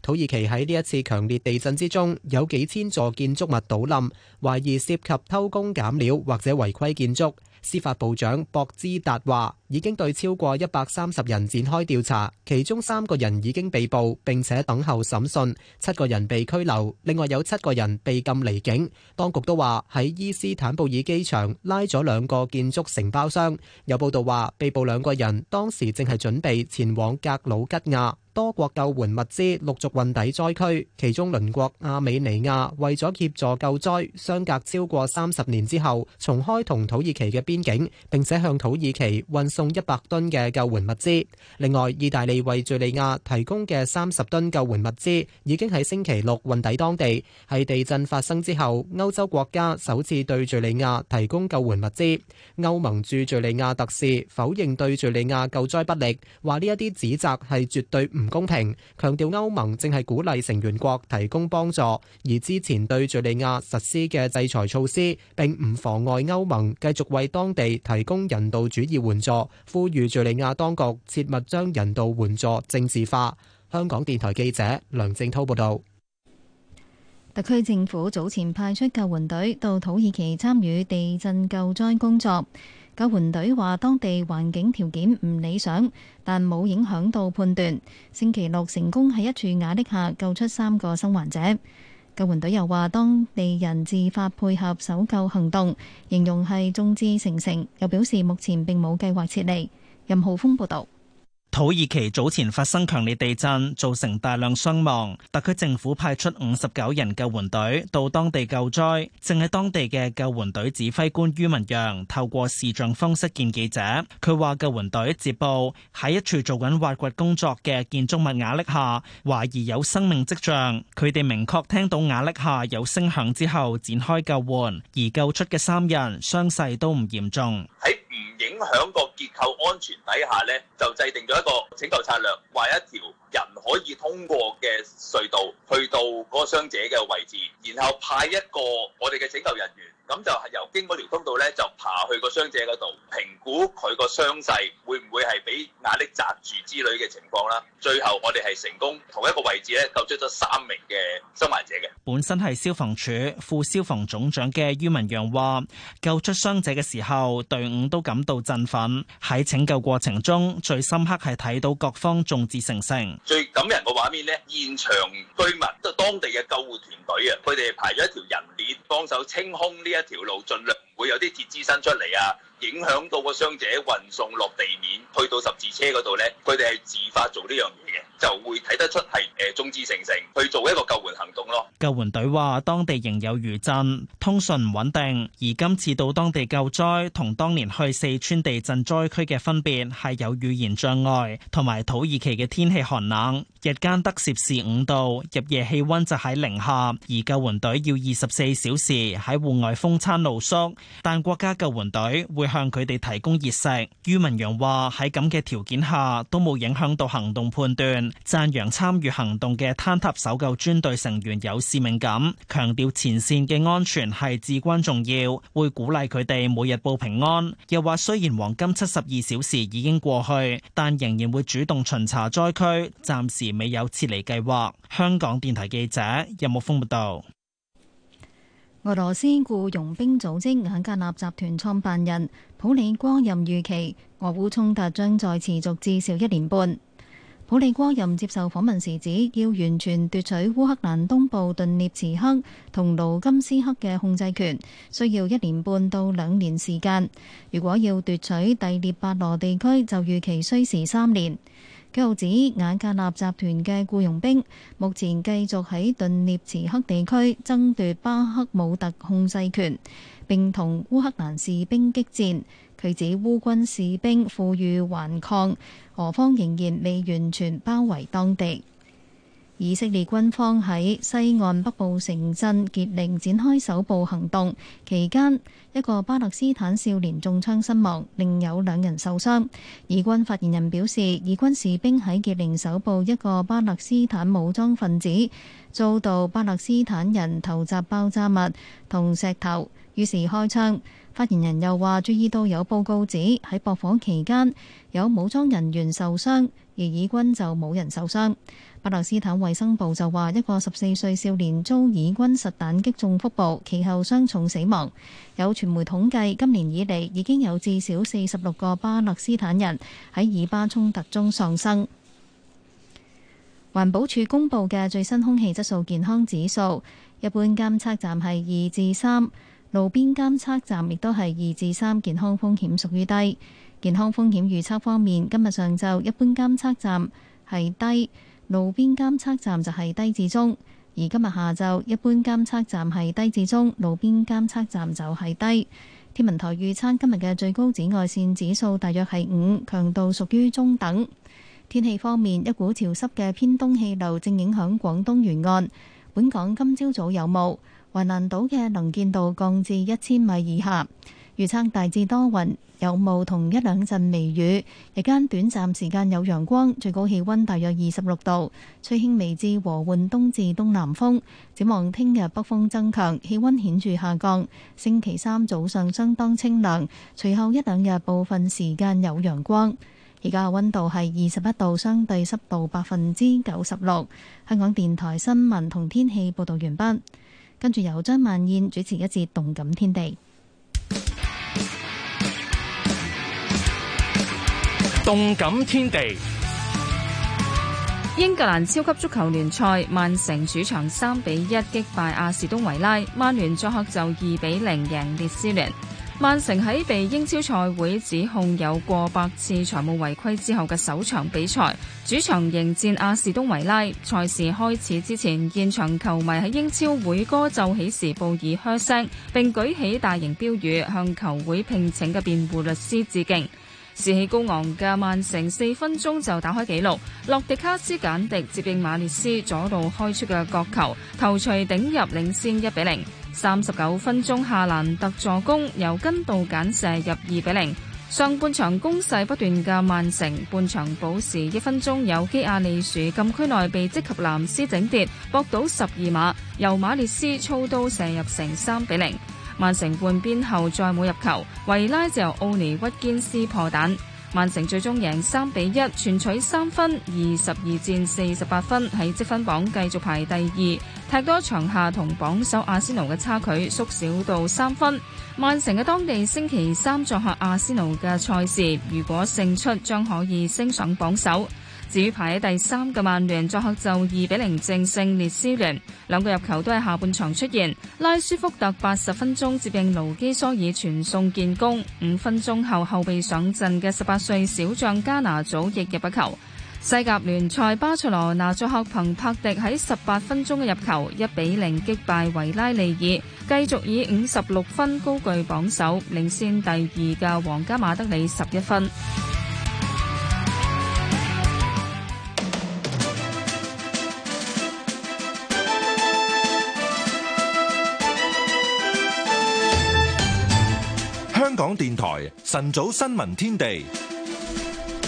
土耳其喺呢一次強烈地震之中，有幾千座建築物倒冧，懷疑涉及偷工減料或者違規建築。司法部長博茲達話：已經對超過一百三十人展開調查，其中三個人已經被捕並且等候審訊，七個人被拘留，另外有七個人被禁離境。當局都話喺伊斯坦布爾機場拉咗兩個建築承包商。有報道話，被捕兩個人當時正係準備前往格魯吉亞。多國救援物資陸續運抵災區，其中鄰國亞美尼亞為咗協助救災，相隔超過三十年之後重開同土耳其嘅邊境，並且向土耳其運送一百噸嘅救援物資。另外，意大利為敍利亞提供嘅三十噸救援物資已經喺星期六運抵當地，係地震發生之後歐洲國家首次對敍利亞提供救援物資。歐盟駐敍利亞特使否認對敍利亞救災不力，話呢一啲指責係絕對唔唔公平，強調歐盟正係鼓勵成員國提供幫助，而之前對敍利亞實施嘅制裁措施並唔妨礙歐盟繼續為當地提供人道主義援助，呼籲敍利亞當局切勿將人道援助政治化。香港電台記者梁正滔報導。特區政府早前派出救援隊到土耳其參與地震救災工作。救援隊話：當地環境條件唔理想，但冇影響到判斷。星期六成功喺一處瓦礫下救出三個生還者。救援隊又話：當地人自發配合搜救行動，形容係眾志成城，又表示目前並冇計劃撤離。任浩峰報導。土耳其早前發生強烈地震，造成大量傷亡。特區政府派出五十九人救援隊到當地救災。正係當地嘅救援隊指揮官于文洋透過視像方式見記者。佢話救援隊接報喺一處做緊挖掘工作嘅建築物瓦礫下，懷疑有生命跡象。佢哋明確聽到瓦礫下有聲響之後展開救援，而救出嘅三人傷勢都唔嚴重。影響個結構安全底下咧，就制定咗一個拯救策略，挖一條人可以通過嘅隧道，去到嗰個傷者嘅位置，然後派一個我哋嘅拯救人員。咁就係由經嗰條通道呢，就爬去個傷者嗰度評估佢個傷勢會唔會係俾壓力砸住之類嘅情況啦。最後我哋係成功同一個位置呢救出咗三名嘅傷患者嘅。本身係消防處副消防總長嘅於文陽話：救出傷者嘅時候，隊伍都感到振奮。喺拯救過程中，最深刻係睇到各方眾志成城。最感人嘅畫面呢，現場居民都係當地嘅救護團隊啊，佢哋排咗一條人鏈幫手清空呢一。一條路，盡量唔會有啲鐵枝生出嚟啊！影響到個傷者運送落地面，去到十字車嗰度呢，佢哋係自發做呢樣嘢嘅，就會睇得出係誒眾志成城去做一個救援行動咯。救援隊話，當地仍有餘震，通訊唔穩定。而今次到當地救災，同當年去四川地震災區嘅分別係有語言障礙，同埋土耳其嘅天氣寒冷，日間得攝氏五度，入夜氣溫就喺零下。而救援隊要二十四小時喺戶外風餐露宿，但國家救援隊會。向佢哋提供熱食。于文陽話喺咁嘅條件下，都冇影響到行動判斷，讚揚參與行動嘅坍塌搜救專隊成員有使命感，強調前線嘅安全係至關重要，會鼓勵佢哋每日報平安。又話雖然黃金七十二小時已經過去，但仍然會主動巡查災區，暫時未有撤離計劃。香港電台記者任木峰報道。俄羅斯僱傭兵組織“瓦格納集團”創辦人普里戈任預期俄烏衝突將再持續至少一年半。普里戈任接受訪問時指，要完全奪取烏克蘭東部頓涅茨克同盧甘斯克嘅控制權，需要一年半到兩年時間。如果要奪取第聶伯羅地區，就預期需時三年。佢指，瓦格納集團嘅僱傭兵目前繼續喺頓涅茨克地區爭奪巴克姆特控制權，並同烏克蘭士兵激戰。佢指，烏軍士兵負隅頑抗，俄方仍然未完全包圍當地。以色列軍方喺西岸北部城鎮傑寧展開搜捕行動期間，一個巴勒斯坦少年中槍身亡，另有兩人受傷。以軍發言人表示，以軍士兵喺傑寧搜捕一個巴勒斯坦武裝分子遭到巴勒斯坦人投擲爆炸物同石頭，於是開槍。發言人又話，注意到有報告指喺駁火期間有武裝人員受傷，而以軍就冇人受傷。巴勒斯坦衛生部就話，一個十四歲少年遭以軍實彈擊中腹部，其後傷重死亡。有傳媒統計，今年以嚟已經有至少四十六個巴勒斯坦人喺以巴衝突中喪生。環保署公布嘅最新空氣質素健康指數，一般監測站係二至三，路邊監測站亦都係二至三，健康風險屬於低。健康風險預測方面，今日上晝一般監測站係低。路邊監測站就係低至中，而今日下晝一般監測站係低至中，路邊監測站就係低。天文台預測今日嘅最高紫外線指數大約係五，強度屬於中等。天氣方面，一股潮濕嘅偏東氣流正影響廣東沿岸，本港今朝早，早有霧，橫瀾島嘅能見度降至一千米以下。預測大致多雲，有霧同一兩陣微雨，日間短暫時間有陽光，最高氣溫大約二十六度，吹輕微至和緩東至東南風。展望聽日北風增強，氣溫顯著下降。星期三早上相當清涼，隨後一兩日部分時間有陽光。而家嘅溫度係二十一度，相對濕度百分之九十六。香港電台新聞同天氣報道完畢，跟住由張曼燕主持一節《動感天地》。動感天地，英格蘭超級足球聯賽，曼城主場三比一擊敗阿士東維拉，曼聯作客就二比零贏列斯聯。曼城喺被英超賽會指控有過百次財務違規之後嘅首場比賽，主場迎戰阿士東維拉。賽事開始之前，現場球迷喺英超會歌奏起時報以噓聲，並舉起大型標語向球會聘請嘅辯護律師致敬。士氣高昂嘅曼城四分鐘就打開紀錄，洛迪卡斯簡迪接應馬列斯左路開出嘅角球頭槌頂入，領先一比零。三十九分鐘夏蘭特助攻，由根度簡射入二比零。上半場攻勢不斷嘅曼城半場補時一分鐘，有基亞利樹禁區內被即及藍斯整跌，博到十二碼，由馬列斯操刀射入成三比零。曼城換邊後再冇入球，維拉就由奧尼屈堅斯破蛋，曼城最終贏三比一，全取三分，二十二戰四十八分喺積分榜繼續排第二，踢多場下同榜首阿仙奴嘅差距縮小到三分。曼城喺當地星期三作客阿仙奴嘅賽事，如果勝出，將可以升上榜首。至於排喺第三嘅曼聯作客就二比零正勝列斯聯，兩個入球都係下半場出現。拉舒福特八十分鐘接應盧基蘇爾傳送建功，五分鐘後後備上陣嘅十八歲小將加拿祖亦入一球。西甲聯賽巴塞羅那作客憑柏迪喺十八分鐘嘅入球一比零擊敗維拉利爾，繼續以五十六分高踞榜首，領先第二嘅皇家馬德里十一分。電台晨早新聞天地，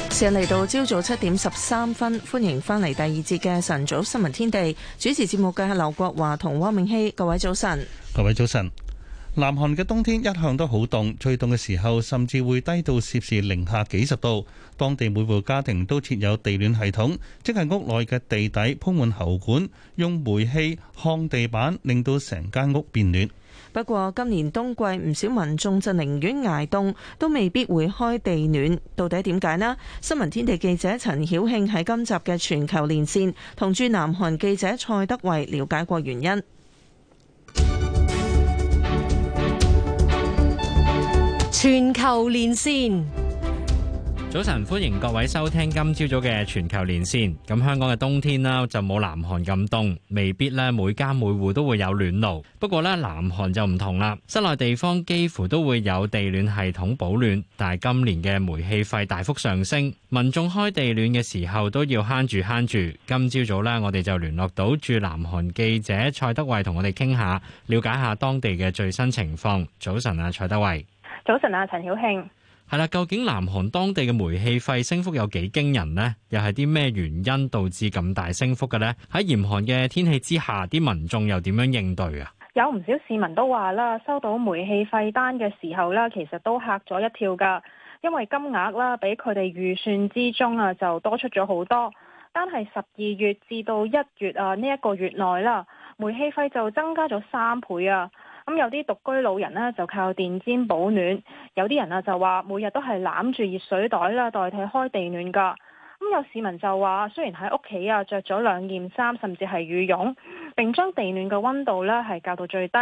時嚟到朝早七點十三分，歡迎翻嚟第二節嘅晨早新聞天地。主持節目嘅係劉國華同汪明熙，各位早晨，各位早晨。南韓嘅冬天一向都好凍，最凍嘅時候甚至會低到攝氏零下幾十度。當地每戶家庭都設有地暖系統，即係屋內嘅地底鋪滿喉管，用煤氣烘地板，令到成間屋變暖。不過今年冬季唔少民眾就寧願捱凍，都未必會開地暖。到底點解呢？新聞天地記者陳曉慶喺今集嘅全球連線，同駐南韓記者蔡德惠了解過原因。全球連線。早晨，歡迎各位收聽今朝早嘅全球連線。咁香港嘅冬天啦，就冇南韓咁凍，未必咧每家每戶都會有暖爐。不過咧，南韓就唔同啦，室內地方幾乎都會有地暖系統保暖。但係今年嘅煤氣費大幅上升，民眾開地暖嘅時候都要慳住慳住。今朝早咧，我哋就聯絡到駐南韓記者蔡德偉，同我哋傾下，瞭解下當地嘅最新情況。早晨啊，蔡德偉。早晨啊，陳曉慶。係啦，究竟南韓當地嘅煤氣費升幅有幾驚人呢？又係啲咩原因導致咁大升幅嘅呢？喺嚴寒嘅天氣之下，啲民眾又點樣應對啊？有唔少市民都話啦，收到煤氣費單嘅時候啦，其實都嚇咗一跳㗎，因為金額啦，比佢哋預算之中啊就多出咗好多。單係十二月至到一月啊呢一個月內啦，煤氣費就增加咗三倍啊！咁有啲獨居老人呢，就靠電氈保暖，有啲人啊就話每日都係攬住熱水袋啦，代替開地暖噶。咁有市民就話，雖然喺屋企啊着咗兩件衫，甚至係羽絨，out, 並將地暖嘅温度呢係較到最低，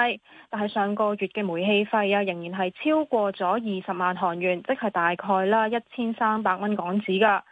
但係上個月嘅煤氣費啊仍然係超過咗二十萬韓元，即係大概啦一千三百蚊港紙噶。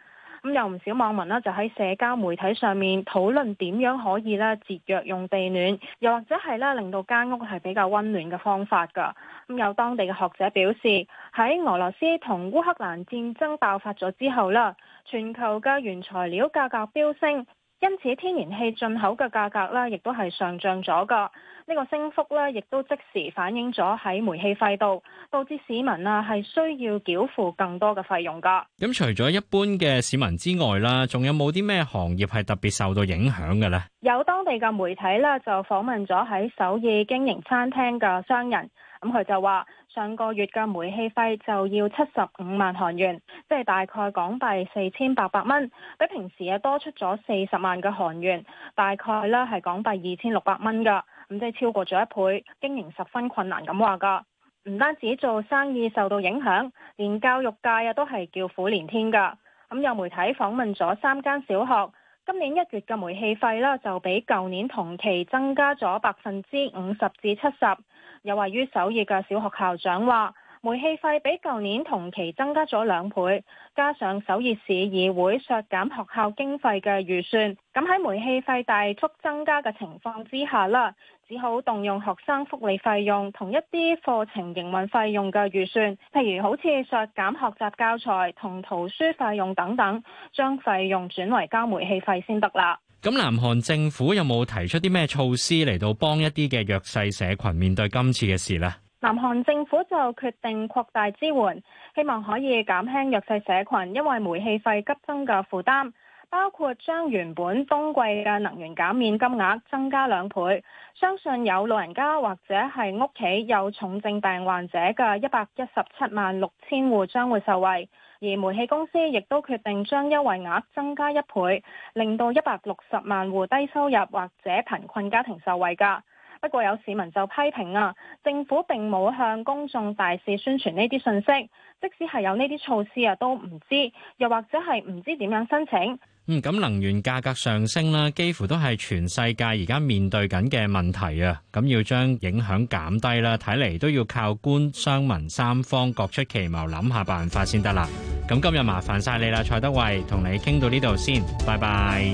咁有唔少網民呢就喺社交媒體上面討論點樣可以呢節約用地暖，又或者係呢令到間屋係比較温暖嘅方法㗎。咁有當地嘅學者表示，喺俄羅斯同烏克蘭戰爭爆發咗之後啦，全球嘅原材料價格飆升。因此，天然氣進口嘅價格呢亦都係上漲咗噶。呢、這個升幅呢亦都即時反映咗喺煤氣費度，導致市民啊係需要繳付更多嘅費用噶。咁、嗯、除咗一般嘅市民之外啦，仲有冇啲咩行業係特別受到影響嘅呢？有當地嘅媒體呢就訪問咗喺首爾經營餐廳嘅商人。咁佢就話：上個月嘅煤氣費就要七十五萬韓元，即係大概港幣四千八百蚊，比平時啊多出咗四十萬嘅韓元，大概咧係港幣二千六百蚊噶。咁即係超過咗一倍，經營十分困難咁話噶。唔單止做生意受到影響，連教育界啊都係叫苦連天噶。咁有媒體訪問咗三間小學，今年一月嘅煤氣費呢，就比舊年同期增加咗百分之五十至七十。有位於首爾嘅小學校長話，煤氣費比舊年同期增加咗兩倍，加上首爾市議會削減學校經費嘅預算，咁喺煤氣費大幅增加嘅情況之下啦，只好動用學生福利費用同一啲課程營運費用嘅預算，譬如好似削減學習教材同圖書費用等等，將費用轉為交煤氣費先得啦。咁南韓政府有冇提出啲咩措施嚟到幫一啲嘅弱勢社群面對今次嘅事呢？南韓政府就決定擴大支援，希望可以減輕弱勢社群因為煤氣費急增嘅負擔，包括將原本冬季嘅能源減免金額增加兩倍。相信有老人家或者係屋企有重症病患者嘅一百一十七萬六千戶將會受惠。而煤氣公司亦都決定將優惠額增加一倍，令到一百六十萬戶低收入或者貧困家庭受惠㗎。不過有市民就批評啊，政府並冇向公眾大肆宣傳呢啲信息，即使係有呢啲措施啊，都唔知，又或者係唔知點樣申請。嗯，咁能源價格上升啦，幾乎都係全世界而家面對緊嘅問題啊！咁要將影響減低啦，睇嚟都要靠官、商、民三方各出奇謀，諗下辦法先得啦。咁今日麻煩晒你啦，蔡德偉，同你傾到呢度先，拜拜，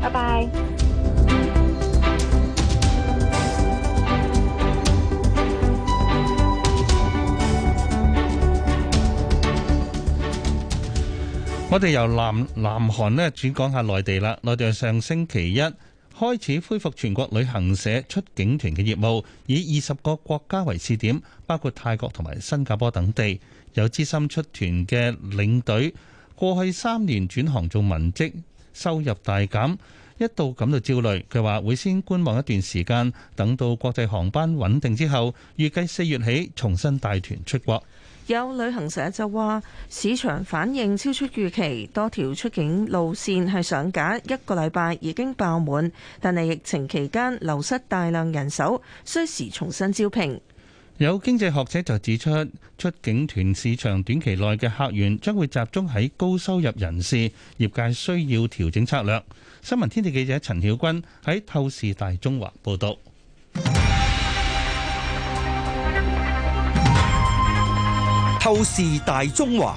拜拜。我哋由南南韓呢轉講下內地啦。內地上星期一開始恢復全國旅行社出境團嘅業務，以二十個國家為試點，包括泰國同埋新加坡等地。有資深出團嘅領隊，過去三年轉行做文職，收入大減，一度感到焦慮。佢話會先觀望一段時間，等到國際航班穩定之後，預計四月起重新帶團出國。有旅行社就話市場反應超出預期，多條出境路線係上架一個禮拜已經爆滿，但係疫情期間流失大量人手，需時重新招聘。有經濟學者就指出，出境團市場短期內嘅客源將會集中喺高收入人士，業界需要調整策略。新聞天地記者陳曉君喺透視大中華報道。透視大中華。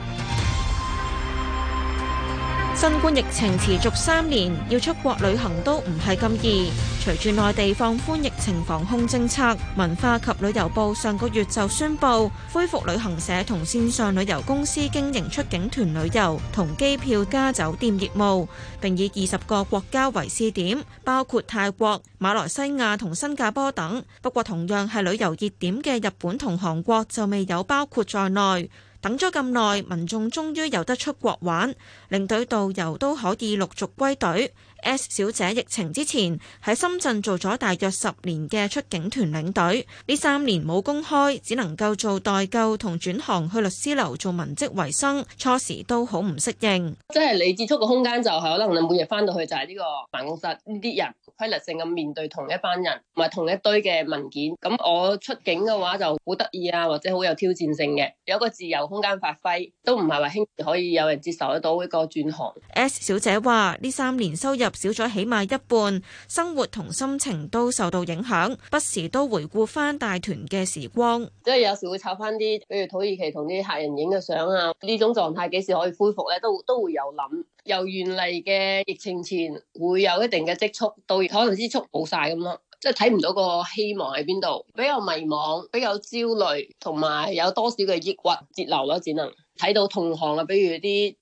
新冠疫情持續三年，要出國旅行都唔係咁易。隨住內地放寬疫情防控政策，文化及旅遊部上個月就宣佈恢復旅行社同線上旅遊公司經營出境團旅遊同機票加酒店業務，並以二十個國家為試點，包括泰國、馬來西亞同新加坡等。不過，同樣係旅遊熱點嘅日本同韓國就未有包括在內。等咗咁耐，民眾終於有得出國玩，領隊導遊都可以陸續歸隊。S 小姐疫情之前喺深圳做咗大約十年嘅出境團領隊，呢三年冇工開，只能夠做代購同轉行去律師樓做文職維生，初時都好唔適應。即係你接觸嘅空間就係可能你每日翻到去就係呢個辦公室呢啲人，規律性咁面對同一班人同埋同一堆嘅文件。咁我出境嘅話就好得意啊，或者好有挑戰性嘅，有一個自由空間發揮，都唔係話輕易可以有人接受得到呢個轉行。S 小姐話呢三年收入，少咗起碼一半，生活同心情都受到影響，不時都回顧翻大團嘅時光，即係有時會炒翻啲，比如土耳其同啲客人影嘅相啊，呢種狀態幾時可以恢復咧，都都會有諗，由原嚟嘅疫情前會有一定嘅積蓄，到可能積蓄冇晒咁咯，即係睇唔到個希望喺邊度，比較迷茫，比較焦慮，同埋有多少嘅抑鬱，節流咯，只能睇到同行啊，比如啲。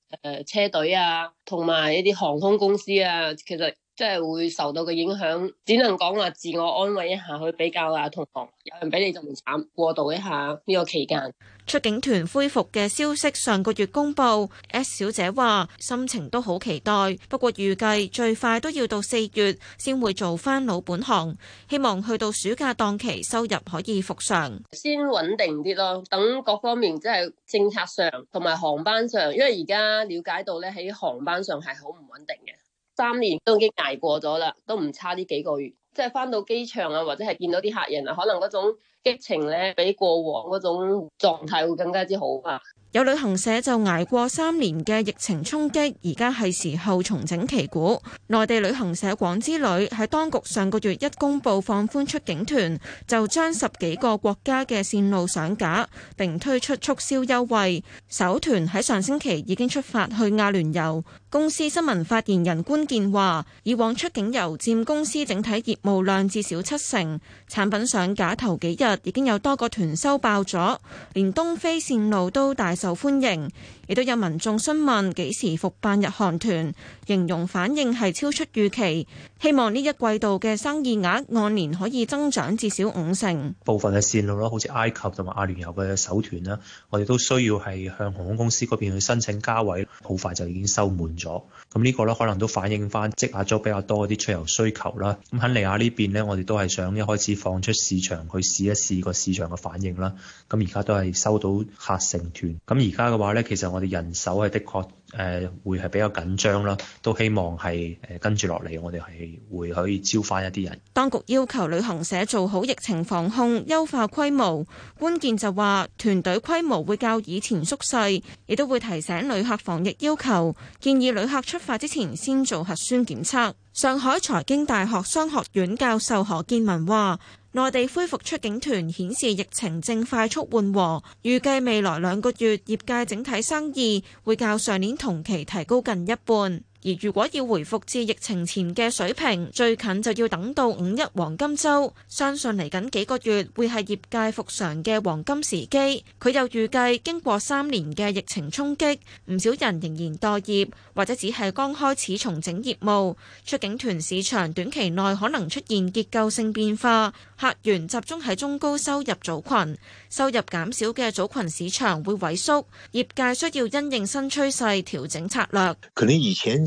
誒，車隊啊，同埋一啲航空公司啊，其實，即係會受到嘅影響，只能講話自我安慰一下，去比較下同行，有人比你就唔慘，過渡一下呢個期間。出境團恢復嘅消息上個月公布，S 小姐話心情都好期待，不過預計最快都要到四月先會做翻老本行，希望去到暑假檔期收入可以復上，先穩定啲咯。等各方面即係、就是、政策上同埋航班上，因為而家了解到咧喺航班上係好唔穩定嘅。三年都已經捱過咗啦，都唔差呢幾個月，即係返到機場啊，或者係見到啲客人啊，可能嗰種激情咧，比過往嗰種狀態會更加之好啊！有旅行社就捱過三年嘅疫情衝擊，而家係時候重整旗鼓。內地旅行社廣之旅喺當局上個月一公布放寬出境團，就將十幾個國家嘅線路上架，並推出促銷優惠。首團喺上星期已經出發去亞聯遊。公司新聞發言人官健話：以往出境遊佔公司整體業務量至少七成，產品上架頭幾日。已經有多個團收爆咗，連東非線路都大受歡迎。亦都有民眾詢問幾時復辦日韓團，形容反應係超出預期。希望呢一季度嘅生意額按年可以增長至少五成。部分嘅線路咯，好似埃及同埋阿聯酋嘅首團啦，我哋都需要係向航空公司嗰邊去申請加位，好快就已經收滿咗。咁呢個咧可能都反映翻積壓咗比較多啲出遊需求啦。咁肯尼亞呢邊咧，我哋都係想一開始放出市場去試一試個市場嘅反應啦。咁而家都係收到客成團。咁而家嘅話呢，其實我我哋人手係的確誒，會係比較緊張啦。都希望係誒跟住落嚟，我哋係會可以招翻一啲人。當局要求旅行社做好疫情防控，優化規模。關鍵就話團隊規模會較以前縮細，亦都會提醒旅客防疫要求，建議旅客出發之前先做核酸檢測。上海財經大學商學院教授何建文話，內地恢復出境團顯示疫情正快速緩和，預計未來兩個月業界整體生意會較上年同期提高近一半。而如果要回復至疫情前嘅水平，最近就要等到五一黃金周，相信嚟緊幾個月會係業界復常嘅黃金時機，佢又預計經過三年嘅疫情衝擊，唔少人仍然待業或者只係剛開始重整業務，出境團市場短期內可能出現結構性變化，客源集中喺中高收入組群，收入減少嘅組群市場會萎縮，業界需要因應新趨勢調整策略。可能以前。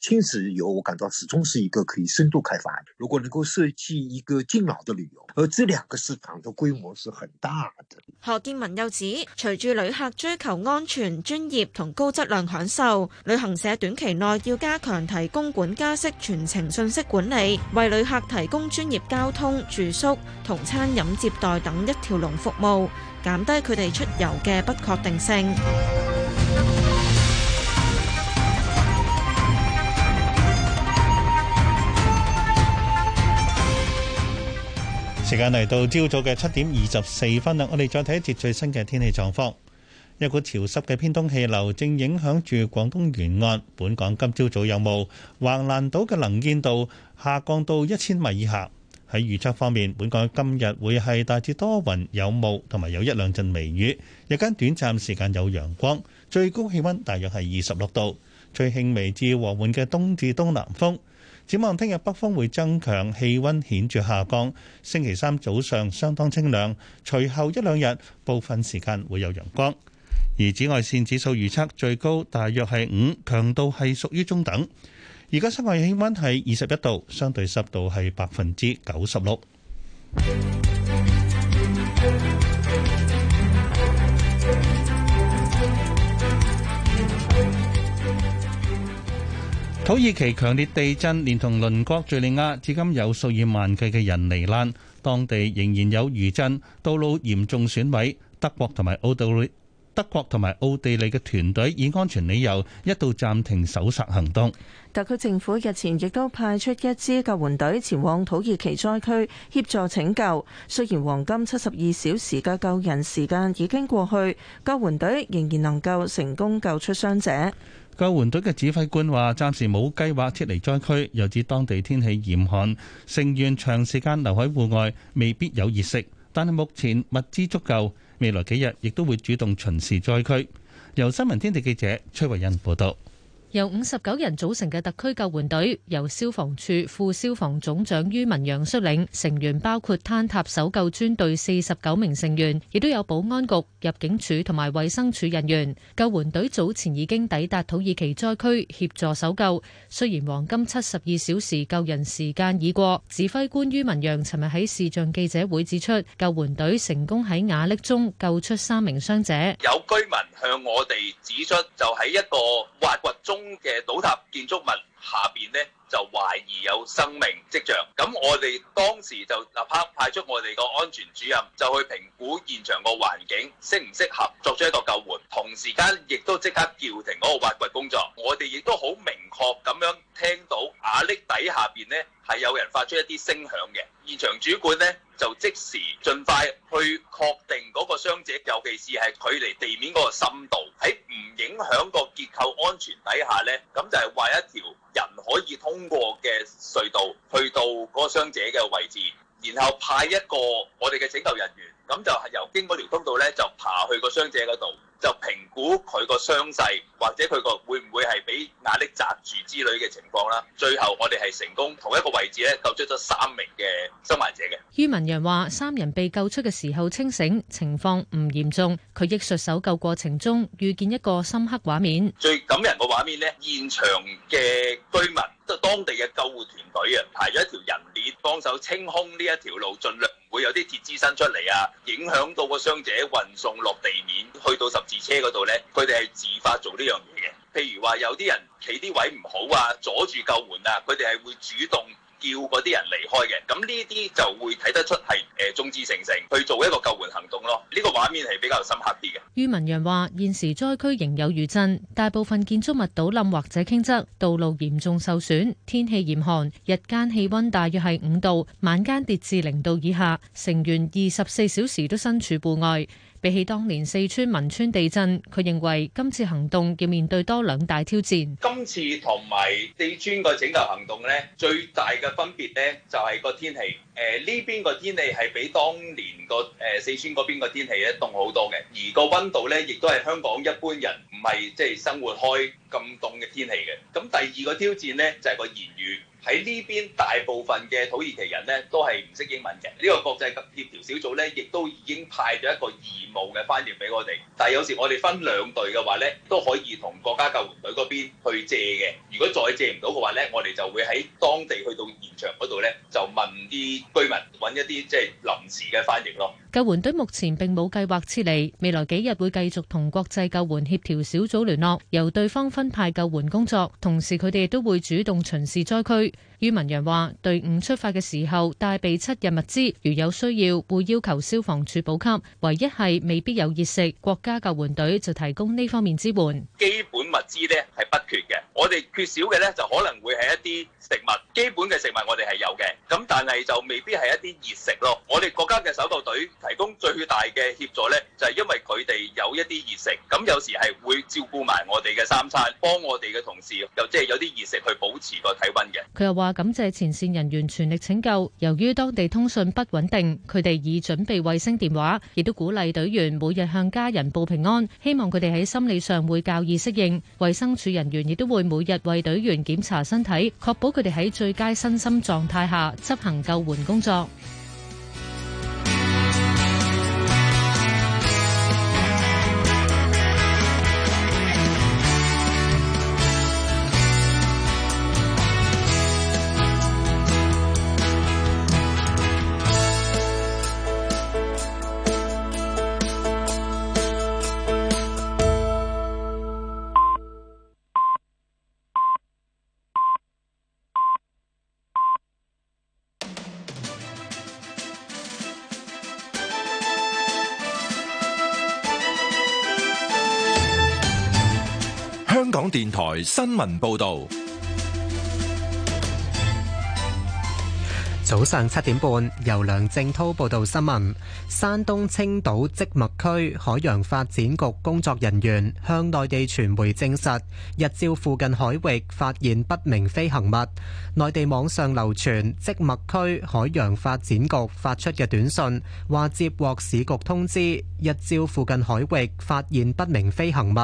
親子遊我感到始終是一個可以深度開發，如果能夠設計一個敬老的旅遊，而這兩個市場的規模是很大的。何建文又指，隨住旅客追求安全、專業同高質量享受，旅行社短期內要加強提供管家式全程信息管理，為旅客提供專業交通、住宿同餐飲接待等一條龍服務，減低佢哋出遊嘅不確定性。時間嚟到朝早嘅七點二十四分啦，我哋再睇一節最新嘅天氣狀況。一股潮濕嘅偏東氣流正影響住廣東沿岸，本港今朝早，早有霧，橫瀾島嘅能見度下降到一千米以下。喺預測方面，本港今日會係大致多雲有霧，同埋有一兩陣微雨，日間短暫時間有陽光，最高氣温大約係二十六度，吹輕微至和緩嘅東至東南風。展望聽日北風會增強，氣溫顯著下降。星期三早上相當清涼，隨後一兩日部分時間會有陽光。而紫外綫指數預測最高大約係五，強度係屬於中等。而家室外氣温係二十一度，相對濕度係百分之九十六。土耳其強烈地震連同鄰國敍利亞，至今有數以萬計嘅人罹難，當地仍然有餘震，道路嚴重損毀。德國同埋奧地利，德國同埋奧地利嘅團隊以安全理由一度暫停搜索行動。特區政府日前亦都派出一支救援隊前往土耳其災區協助拯救。雖然黃金七十二小時嘅救人時間已經過去，救援隊仍然能夠成功救出傷者。救援隊嘅指揮官話：暫時冇計劃撤離災區，又指當地天氣嚴寒，成員長時間留喺戶外未必有熱食。但係目前物資足夠，未來幾日亦都會主動巡視災區。由新聞天地記者崔慧欣報道。由五十九人組成嘅特區救援隊，由消防處副消防總長于文陽率領，成員包括坍塌搜救專隊四十九名成員，亦都有保安局、入境處同埋衛生署人員。救援隊早前已經抵達土耳其災區協助搜救。雖然黃金七十二小時救人時間已過，指揮官于文陽尋日喺視像記者會指出，救援隊成功喺瓦礫中救出三名傷者。有居民向我哋指出，就喺一個挖掘中。嘅倒塌建築物下邊咧，就懷疑有生命跡象。咁我哋當時就立刻派出我哋個安全主任，就去評估現場個環境適唔適合，作出一個救援，同時間亦都即刻叫停嗰個挖掘工作。我哋亦都好明確咁樣聽到瓦礫底下邊咧係有人發出一啲聲響嘅。現場主管咧，就即時盡快去確定嗰個傷者，尤其是係距離地面嗰個深度，喺唔影響個結構安全底下呢，咁就係挖一條人可以通過嘅隧道，去到嗰個傷者嘅位置，然後派一個我哋嘅拯救人員，咁就係由經嗰條通道呢，就爬去個傷者嗰度。就評估佢個傷勢或者佢個會唔會係俾壓力砸住之類嘅情況啦。最後我哋係成功同一個位置咧救出咗三名嘅失迷者嘅。于文陽話，三人被救出嘅時候清醒，情況唔嚴重。佢憶述搜救過程中遇見一個深刻畫面。最感人嘅畫面咧，現場嘅居民。當地嘅救護團隊啊，排咗一條人鏈幫手清空呢一條路，盡量唔會有啲鐵枝伸出嚟啊，影響到個傷者運送落地面，去到十字車嗰度呢，佢哋係自發做呢樣嘢嘅。譬如話有啲人企啲位唔好啊，阻住救援啊，佢哋係會主動。叫嗰啲人離開嘅，咁呢啲就會睇得出係誒眾志成城去做一個救援行動咯。呢個畫面係比較深刻啲嘅。于文揚話：現時災區仍有餘震，大部分建築物倒冧或者傾側，道路嚴重受損，天氣嚴寒，日間氣温大約係五度，晚間跌至零度以下。成員二十四小時都身處戶外。比起當年四川汶川地震，佢認為今次行動要面對多兩大挑戰。今次同埋四川個拯救行動咧，最大嘅分別咧就係、是、個天氣。誒、呃、呢邊個天氣係比當年個誒、呃、四川嗰邊個天氣咧凍好多嘅，而個温度咧亦都係香港一般人唔係即係生活開咁凍嘅天氣嘅。咁第二個挑戰咧就係、是、個言語。喺呢邊大部分嘅土耳其人咧都係唔識英文嘅，呢個國際協調小組咧亦都已經派咗一個義務嘅翻譯俾我哋，但係有時我哋分兩隊嘅話咧，都可以同國家救援隊嗰邊去借嘅。如果再借唔到嘅話咧，我哋就會喺當地去到現場嗰度咧，就問啲居民搵一啲即係臨時嘅翻譯咯。救援隊目前並冇計劃撤離，未來幾日會繼續同國際救援協調小組聯絡，由對方分派救援工作。同時，佢哋都會主動巡視災區。于文陽話，隊伍出發嘅時候帶備七日物資，如有需要會要求消防處補給。唯一係未必有熱食，國家救援隊就提供呢方面支援。基本物資呢係不缺嘅，我哋缺少嘅呢就可能會係一啲食物。基本嘅食物我哋係有嘅，咁但係就未必係一啲熱食咯。我哋國家嘅。最大嘅協助呢，就係因為佢哋有一啲熱食，咁有時係會照顧埋我哋嘅三餐，幫我哋嘅同事，又即係有啲熱食去保持個體温嘅。佢又話感謝前線人員全力拯救，由於當地通訊不穩定，佢哋已準備衛星電話，亦都鼓勵隊員每日向家人報平安，希望佢哋喺心理上會較易適應。衛生署人員亦都會每日為隊員檢查身體，確保佢哋喺最佳身心狀態下執行救援工作。電台新聞報道。早上七點半，由梁正濤報道新聞。山東青島即墨區海洋發展局工作人員向內地傳媒證實，日照附近海域發現不明飛行物。內地網上流傳即墨區海洋發展局發出嘅短信，話接獲市局通知，日照附近海域發現不明飛行物，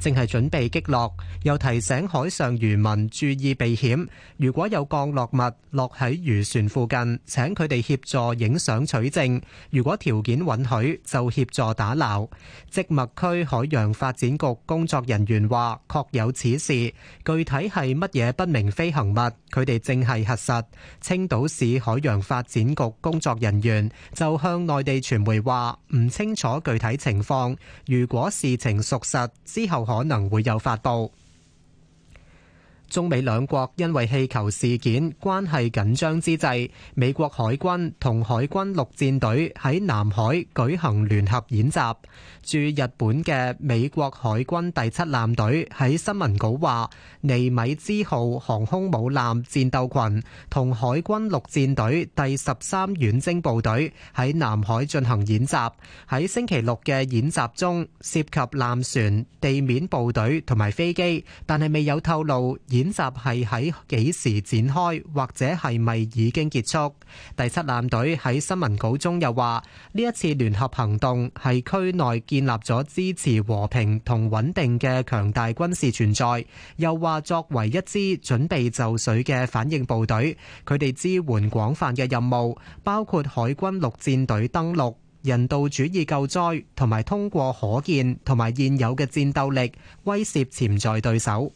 正係準備擊落，又提醒海上漁民注意避險。如果有降落物落喺漁船附近，人請佢哋協助影相取證，如果條件允許就協助打撈。即墨區海洋發展局工作人員話，確有此事，具體係乜嘢不明飛行物，佢哋正係核實。青島市海洋發展局工作人員就向內地傳媒話，唔清楚具體情況，如果事情屬實之後可能會有發布。中美兩國因為氣球事件關係緊張之際，美國海軍同海軍陸戰隊喺南海舉行聯合演習。駐日本嘅美國海軍第七艦隊喺新聞稿話：尼米茲號航空母艦戰鬥群同海軍陸戰隊第十三遠征部隊喺南海進行演習，喺星期六嘅演習中，涉及艦船、地面部隊同埋飛機，但係未有透露演。演習係喺幾時展開，或者係咪已經結束？第七艦隊喺新聞稿中又話，呢一次聯合行動係區內建立咗支持和平同穩定嘅強大軍事存在。又話作為一支準備就緒嘅反應部隊，佢哋支援廣泛嘅任務，包括海軍陸戰隊登陸、人道主義救災，同埋通過可見同埋現有嘅戰鬥力威懾潛在對手。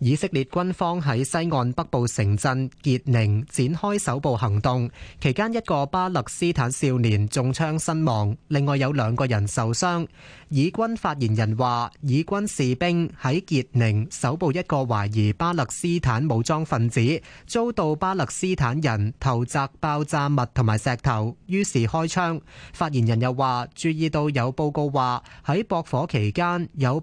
以色列軍方喺西岸北部城鎮傑寧展開首部行動，期間一個巴勒斯坦少年中槍身亡，另外有兩個人受傷。以軍發言人話：以軍士兵喺傑寧首部一個懷疑巴勒斯坦武裝分子遭到巴勒斯坦人投擲爆炸物同埋石頭，於是開槍。發言人又話：注意到有報告話喺駁火期間有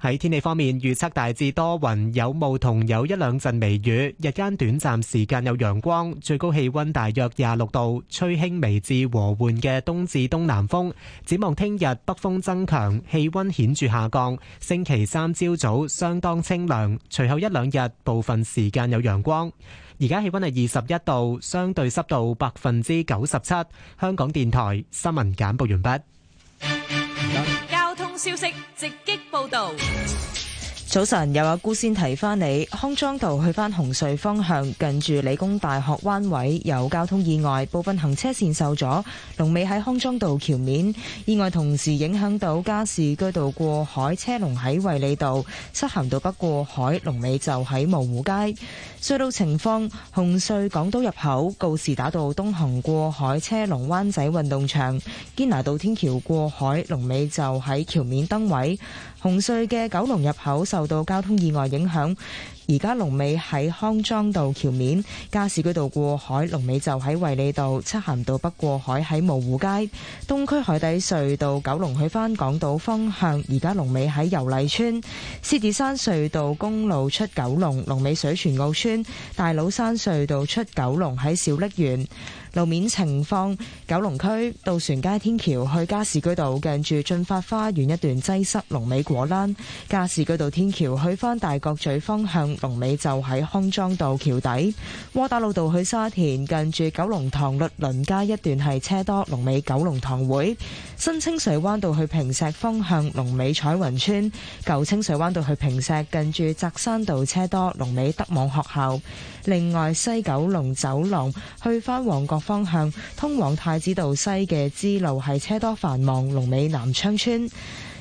喺天氣方面預測大致多雲有霧，同有一兩陣微雨，日間短暫時間有陽光，最高氣溫大約廿六度，吹輕微至和緩嘅東至東南風。展望聽日北風增強，氣溫顯著下降。星期三朝早，早相當清涼，隨後一兩日部分時間有陽光。而家氣溫係二十一度，相對濕度百分之九十七。香港電台新聞簡報完畢。 消息直擊報導。Yes. 早晨，有阿姑先提翻你，康莊道去翻紅隧方向，近住理工大學灣位有交通意外，部分行車綫受阻，龍尾喺康莊道橋面。意外同時影響到加士居道過海車龍喺衛理道，漆咸道北過海，龍尾就喺蕪湖街。隧道情況，紅隧港島入口告士打道東行過海車龍灣仔運動場堅拿道天橋過海，龍尾就喺橋面燈位。紅隧嘅九龍入口受到交通意外影響，而家龍尾喺康莊道橋面，加士居道過海，龍尾就喺維里道，漆咸道北過海喺蕪湖街。東區海底隧道九龍去返港島方向，而家龍尾喺油麗村。獅子山隧道公路出九龍，龍尾水泉澳村。大老山隧道出九龍喺小瀝源。路面情況：九龍區渡船街天橋去加士居道，近住駿發花園一段擠塞；龍尾果欄。加士居道天橋去翻大角咀方向，龍尾就喺康莊道橋底。窩打老道去沙田，近住九龍塘律倫街一段係車多，龍尾九龍塘會。新清水灣道去坪石方向，龍尾彩雲村。舊清水灣道去坪石，近住澤山道車多，龍尾德望學校。另外，西九龍走廊去翻旺角，方向通往太子道西嘅支路係車多繁忙，龍尾南昌村。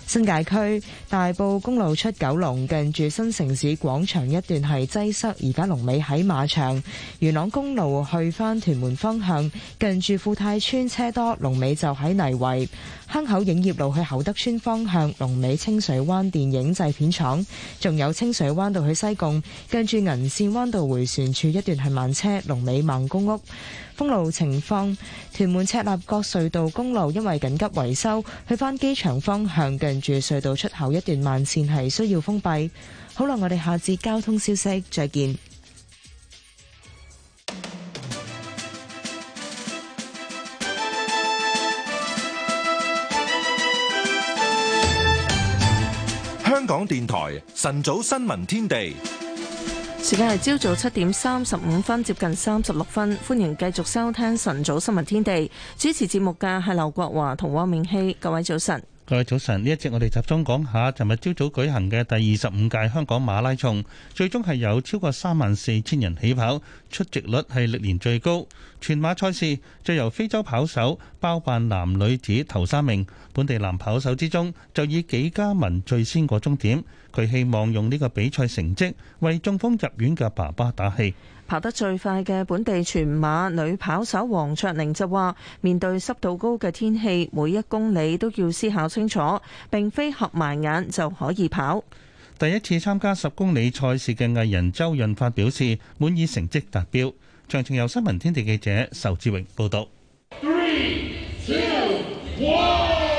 新界區大埔公路出九龍，近住新城市廣場一段係擠塞，而家龍尾喺馬場。元朗公路去翻屯門方向，近住富泰村車多，龍尾就喺泥圍。坑口影業路去厚德村方向，龍尾清水灣電影製片廠。仲有清水灣道去西貢，近住銀線灣道回旋處一段係慢車，龍尾孟公屋。封路情況，屯門赤鱲角隧道公路因為緊急維修，去返機場方向近住隧道出口一段慢線係需要封閉。好啦，我哋下次交通消息再見。香港電台晨早新聞天地。時間係朝早七點三十五分，接近三十六分。歡迎繼續收聽晨早新聞天地，主持節目嘅係劉國華同汪明希，各位早晨。各位早晨，呢一節我哋集中講下，尋日朝早舉行嘅第二十五屆香港馬拉松，最終係有超過三萬四千人起跑，出席率係歷年最高。全馬賽事就由非洲跑手包辦男女子頭三名，本地男跑手之中就以紀家文最先過終點，佢希望用呢個比賽成績為中風入院嘅爸爸打氣。跑得最快嘅本地全馬女跑手黃卓寧就話：面對濕度高嘅天氣，每一公里都要思考清楚，並非合埋眼就可以跑。第一次參加十公里賽事嘅藝人周潤發表示滿意成績達標。詳情由新聞天地記者仇志榮報道。Three, two,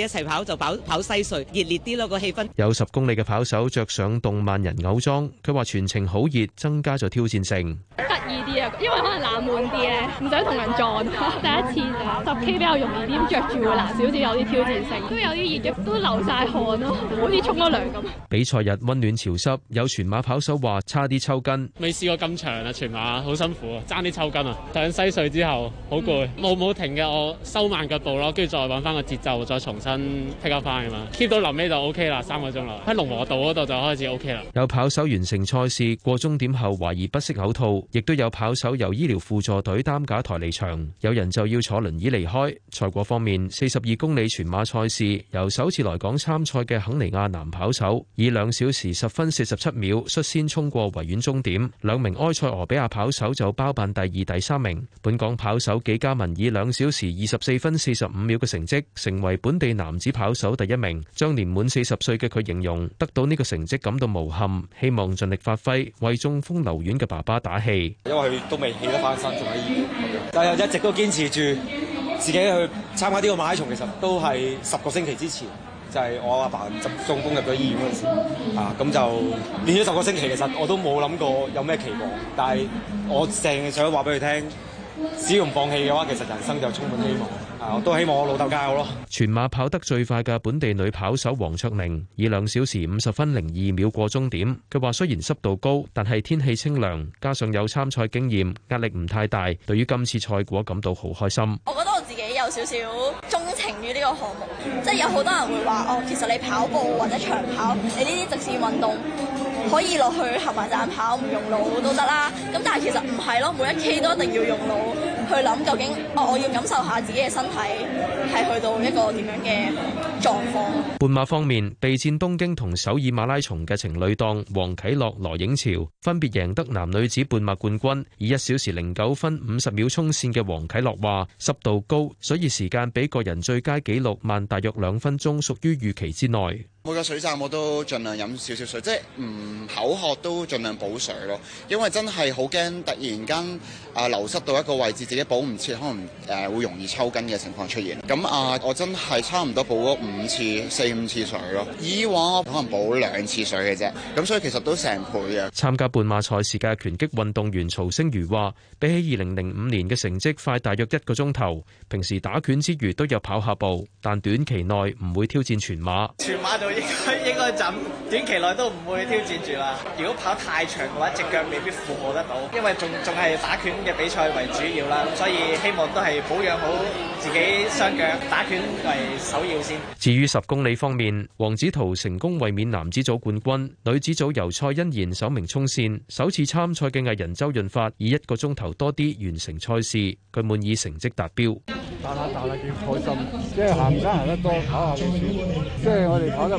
一齊跑就跑跑西隧，熱烈啲咯、個氣氛。有十公里嘅跑手着上動漫人偶裝，佢話全程好熱，增加咗挑戰性。得意啲啊，因為可能冷門啲啊，唔想同人撞。第一次十 K 比較容易啲，着住會難少少，有啲挑戰性。都有啲熱，亦都流晒汗咯，好似沖咗涼咁。比賽日温暖潮濕，有全馬跑手話差啲抽筋。未試過咁長啊全馬，好辛苦、啊，爭啲抽筋啊！上西隧之後好攰，冇冇、嗯、停嘅，我收慢腳步咯，跟住再搵翻個節奏再重新。p i 翻啊到臨尾就 O K 啦，三個鐘啦。喺龍和道嗰度就開始 O K 啦。有跑手完成賽事過終點後懷疑不適嘔吐，亦都有跑手由醫療輔助隊擔架抬離場，有人就要坐輪椅離開。賽果方面，四十二公里全馬賽事由首次來港參賽嘅肯尼亞男跑手以兩小時十分四十七秒率先衝過維園終點，兩名埃塞俄比亞跑手就包辦第二、第三名。本港跑手紀嘉文以兩小時二十四分四十五秒嘅成績成為本地男子跑手第一名，將年滿四十歲嘅佢形容得到呢個成績感到無憾，希望盡力發揮，為中風留院嘅爸爸打氣。因為佢都未起得翻身，仲喺醫院，但係一直都堅持住自己去參加呢個馬拉松。其實都係十個星期之前，就係我阿爸中風入咗醫院嗰時啊，咁就練咗十個星期。其實我都冇諗過有咩期望，但係我成日想話俾佢聽。只要唔放棄嘅話，其實人生就充滿希望。啊，我都希望我老豆加油咯。全馬跑得最快嘅本地女跑手黃卓明，以兩小時五十分零二秒過終點。佢話：雖然濕度高，但係天氣清涼，加上有參賽經驗，壓力唔太大。對於今次賽果感到好開心。我覺得我自己有少少鍾情於呢個項目，即係有好多人會話：哦，其實你跑步或者長跑，你呢啲直線運動。可以落去行埋站跑唔用腦都得啦。咁但係其實唔係咯，每一 K 都一定要用腦去諗究竟，我、哦、我要感受下自己嘅身體係去到一個點樣嘅狀況。半馬方面，備戰東京同首爾馬拉松嘅情侶檔黃啟樂羅影潮分別贏得男女子半馬冠軍，以一小時零九分五十秒衝線嘅黃啟樂話：濕度高，所以時間比個人最佳紀錄慢大約兩分鐘，屬於預期之內。每個水站我都盡量飲少少水，即係唔口渴都盡量補水咯。因為真係好驚突然間啊流失到一個位置，自己補唔切，可能誒會容易抽筋嘅情況出現。咁啊，我真係差唔多補咗五次、四五次水咯。以往我可能補兩次水嘅啫，咁所以其實都成倍啊。參加半馬賽事嘅拳擊運動員曹星如話，比起二零零五年嘅成績快大約一個鐘頭。平時打拳之餘都有跑下步，但短期內唔會挑戰全馬。全馬應該應該暫短期內都唔會挑戰住啦。如果跑太長嘅話，隻腳未必負荷得到，因為仲仲係打拳嘅比賽為主要啦。咁所以希望都係保養好自己雙腳，打拳為首要先。至於十公里方面，黃子圖成功衛冕男子組冠軍，女子組由蔡欣然首名衝線。首次參賽嘅藝人周潤發以一個鐘頭多啲完成賽事，佢滿意成績達標。大啦大啦，幾開心！即係行山行得多，跑下步，即係我哋跑得。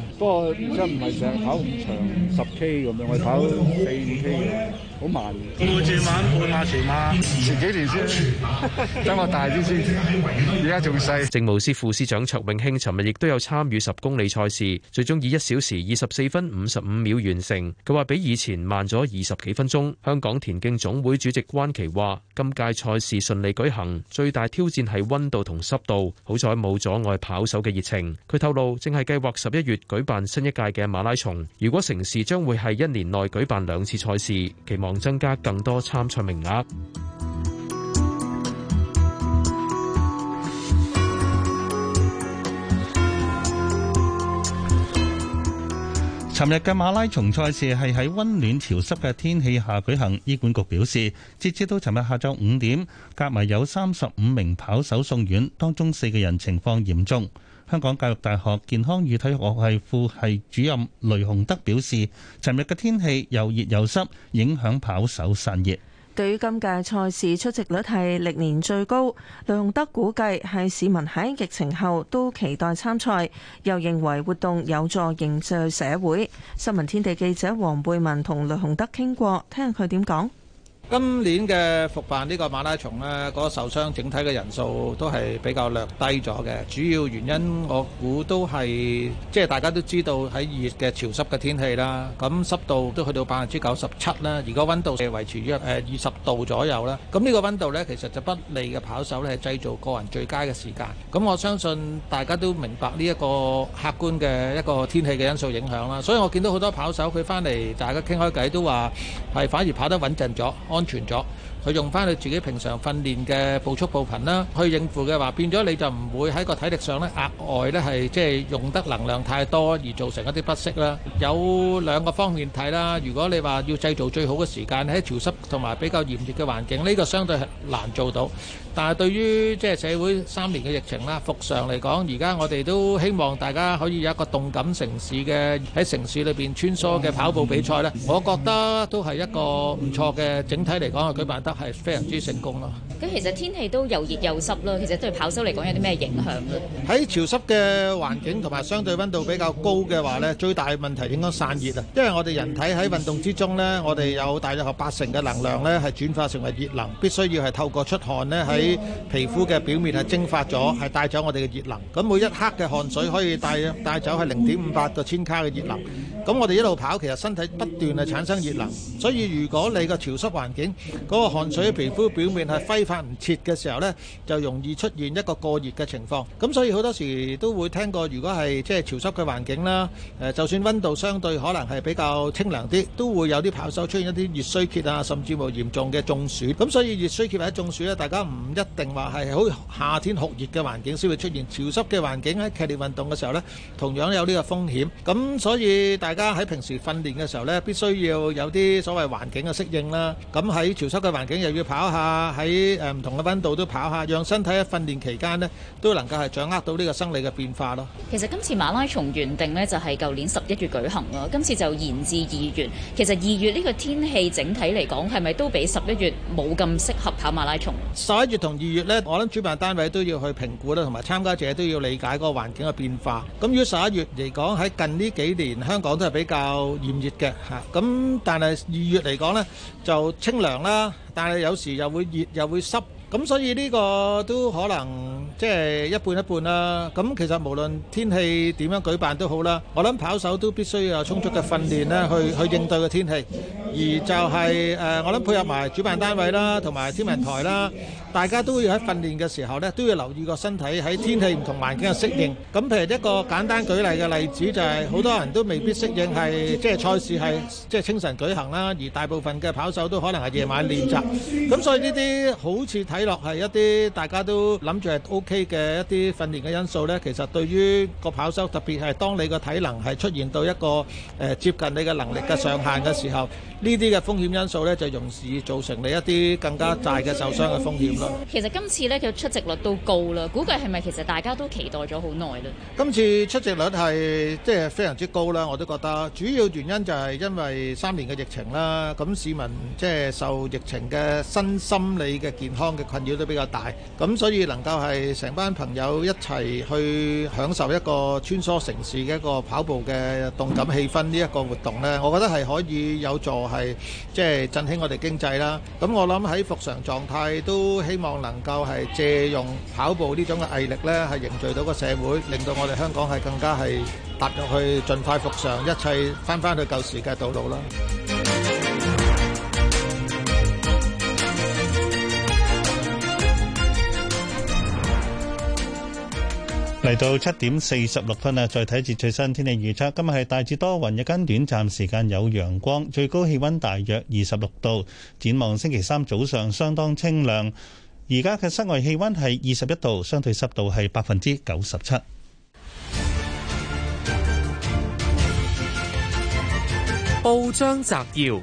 嗰個真唔係成日跑咁長十 K 咁樣，去跑四五 K 嘅，好慢嘅。半字馬半馬前馬，前幾年先，等我大啲先，而家仲細。政務司副司長卓永興尋日亦都有參與十公里賽事，最終以一小時二十四分五十五秒完成。佢話比以前慢咗二十幾分鐘。香港田徑總會主席關琪話：今屆賽事順利舉行，最大挑戰係温度同濕度，好彩冇阻礙跑手嘅熱情。佢透露正係計劃十一月舉辦辦新一屆嘅馬拉松，如果城市將會喺一年內舉辦兩次賽事，期望增加更多參賽名額。尋日嘅馬拉松賽事係喺溫暖潮濕嘅天氣下舉行。醫管局表示，截至到尋日下晝五點，夾埋有三十五名跑手送院，當中四個人情況嚴重。香港教育大學健康與體育學系副系主任雷洪德表示，尋日嘅天氣又熱又濕，影響跑手散熱。對於今屆賽事出席率係歷年最高，雷洪德估計係市民喺疫情後都期待參賽，又認為活動有助凝聚社會。新聞天地記者黃貝文同雷洪德傾過，聽下佢點講。今年嘅復辦呢個馬拉松咧，嗰個受傷整體嘅人數都係比較略低咗嘅。主要原因我估都係即係大家都知道喺熱嘅潮濕嘅天氣啦，咁濕度都去到百分之九十七啦。如果溫度係維持於誒二十度左右啦，咁呢個溫度咧其實就不利嘅跑手咧製造個人最佳嘅時間。咁我相信大家都明白呢一個客觀嘅一個天氣嘅因素影響啦。所以我見到好多跑手佢翻嚟，大家傾開偈都話係反而跑得穩陣咗，安。安全咗，佢用翻你自己平常訓練嘅步速步頻啦，去應付嘅話，變咗你就唔會喺個體力上咧額外呢係即係用得能量太多而造成一啲不適啦。有兩個方面睇啦，如果你話要製造最好嘅時間喺潮濕同埋比較炎熱嘅環境，呢個相對係難做到。但係對於即係社會三年嘅疫情啦，復常嚟講，而家我哋都希望大家可以有一個動感城市嘅喺城市裏邊穿梭嘅跑步比賽咧，我覺得都係一個唔錯嘅整體嚟講，係舉辦得係非常之成功咯。咁其實天氣都又熱又濕咯，其實對跑手嚟講有啲咩影響咧？喺潮濕嘅環境同埋相對溫度比較高嘅話咧，最大問題應該散熱啊。因為我哋人體喺運動之中咧，我哋有大約八成嘅能量咧係轉化成為熱能，必須要係透過出汗咧係。喺皮膚嘅表面係蒸發咗，係帶走我哋嘅熱能。咁每一克嘅汗水可以帶帶走係零點五八個千卡嘅熱能。咁我哋一路跑，其實身體不斷係產生熱能，所以如果你個潮濕環境嗰個汗水皮膚表面係揮發唔切嘅時候呢，就容易出現一個過熱嘅情況。咁所以好多時都會聽過，如果係即係潮濕嘅環境啦，誒就算温度相對可能係比較清涼啲，都會有啲跑手出現一啲熱衰竭啊，甚至乎嚴重嘅中暑。咁所以熱衰竭或者中暑呢，大家唔一定話係好夏天酷熱嘅環境先會出現，潮濕嘅環境喺劇烈運動嘅時候呢，同樣有呢個風險。咁所以大。大家喺平時訓練嘅時候呢，必須要有啲所謂環境嘅適應啦。咁喺潮濕嘅環境又要跑下，喺誒唔同嘅温度都跑下，讓身體喺訓練期間呢都能夠係掌握到呢個生理嘅變化咯。其實今次馬拉松原定呢就係舊年十一月舉行咯，今次就延至二月。其實二月呢個天氣整體嚟講，係咪都比十一月冇咁適合跑馬拉松？十一月同二月呢，我諗主辦單位都要去評估啦，同埋參加者都要理解嗰個環境嘅變化。咁於十一月嚟講，喺近呢幾年香港，都係比較炎熱嘅吓，咁、啊、但係二月嚟講咧，就清涼啦，但係有時又會熱，又會濕。咁所以呢個都可能即係一半一半啦。咁其實無論天氣點樣舉辦都好啦，我諗跑手都必須要有充足嘅訓練咧，去去應對個天氣。而就係誒，我諗配合埋主辦單位啦，同埋天文台啦，大家都要喺訓練嘅時候咧，都要留意個身體喺天氣唔同環境嘅適應。咁譬如一個簡單舉例嘅例子就係好多人都未必適應係即係賽事係即係清晨舉行啦，而大部分嘅跑手都可能係夜晚練習。咁所以呢啲好似睇，睇落係一啲大家都諗住係 O K 嘅一啲訓練嘅因素咧，其實對於個跑手特別係當你個體能係出現到一個誒接近你嘅能力嘅上限嘅時候，呢啲嘅風險因素咧就容易造成你一啲更加大嘅受傷嘅風險咯。其實今次咧佢出席率都高啦，估計係咪其實大家都期待咗好耐啦？今次出席率係即係非常之高啦，我都覺得主要原因就係因為三年嘅疫情啦，咁市民即係受疫情嘅身心理嘅健康嘅困擾都比較大，咁所以能夠係成班朋友一齊去享受一個穿梭城市嘅一個跑步嘅動感氣氛呢一個活動呢，我覺得係可以有助係即係振興我哋經濟啦。咁我諗喺復常狀態都希望能夠係借用跑步呢種嘅毅力呢，係凝聚到個社會，令到我哋香港係更加係踏入去盡快復常，一切翻返去舊時嘅道路啦。嚟到七點四十六分啦，再睇一節最新天氣預測。今日係大致多雲，日間短暫時間有陽光，最高氣溫大約二十六度。展望星期三早上相當清涼。而家嘅室外氣溫係二十一度，相對濕度係百分之九十七。報章摘要：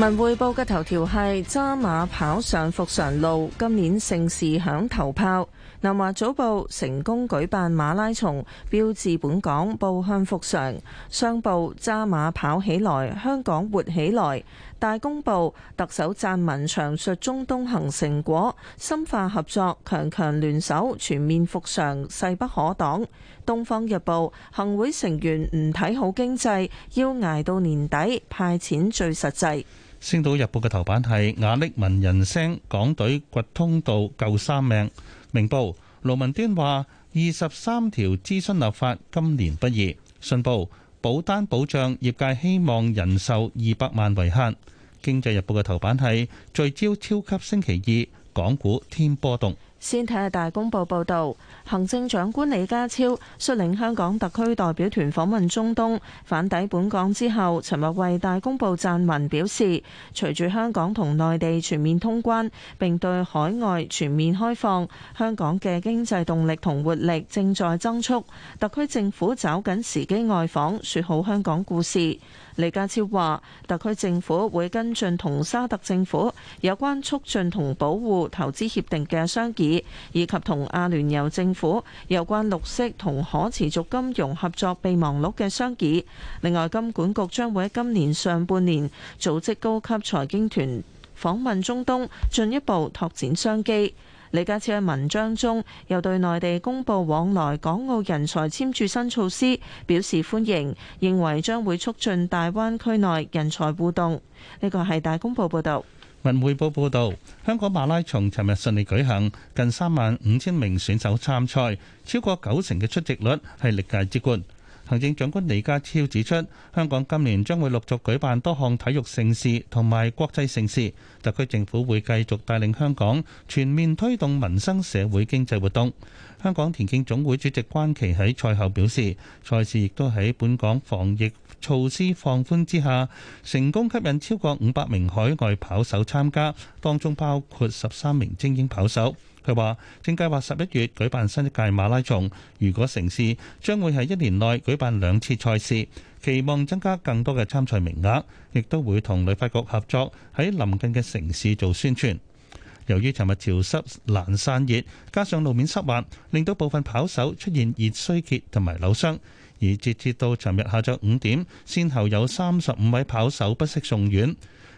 文匯報嘅頭條係：渣馬跑上復常路，今年盛事響頭炮。南華早報成功舉辦馬拉松，標誌本港步向復常。商報渣馬跑起來，香港活起來。大公報特首撰文詳述中東行成果，深化合作，強強聯手，全面復常，勢不可擋。東方日報行會成員唔睇好經濟，要捱到年底派錢最實際。星島日報嘅頭版係瓦礫聞人聲，港隊掘通道救三命。明報盧文端話：二十三條諮詢立法今年不易。信報保單保障業界希望人壽二百萬為限。經濟日報嘅頭版係聚焦超級星期二，港股添波動。先睇下大公報報導，行政長官李家超率領香港特區代表團訪問中東反抵本港之後，尋日為大公報撰文表示，隨住香港同內地全面通關並對海外全面開放，香港嘅經濟動力同活力正在增速，特區政府找緊時機外訪，説好香港故事。李家超話：特區政府會跟進同沙特政府有關促進同保護投資協定嘅商議，以及同阿聯酋政府有關綠色同可持續金融合作備忘錄嘅商議。另外，金管局將會喺今年上半年組織高級財經團訪問中東，進一步拓展商機。李家超喺文章中又對內地公佈往來港澳人才簽注新措施表示歡迎，認為將會促進大灣區內人才互動。呢個係大公報報導。文匯報報導香港馬拉松尋日順利舉行，近三萬五千名選手參賽，超過九成嘅出席率係歷屆之冠。行政長官李家超指出，香港今年將會陸續舉辦多項體育盛事同埋國際盛事，特區政府會繼續帶領香港全面推動民生社會經濟活動。香港田徑總會主席關琦喺賽後表示，賽事亦都喺本港防疫措施放寬之下，成功吸引超過五百名海外跑手參加，當中包括十三名精英跑手。佢話正計劃十一月舉辦新一屆馬拉松，如果成事，將會喺一年內舉辦兩次賽事，期望增加更多嘅參賽名額，亦都會同旅發局合作喺臨近嘅城市做宣傳。由於尋日潮濕難散熱，加上路面濕滑，令到部分跑手出現熱衰竭同埋扭傷。而截至到尋日下晝五點，先後有三十五位跑手不適送院，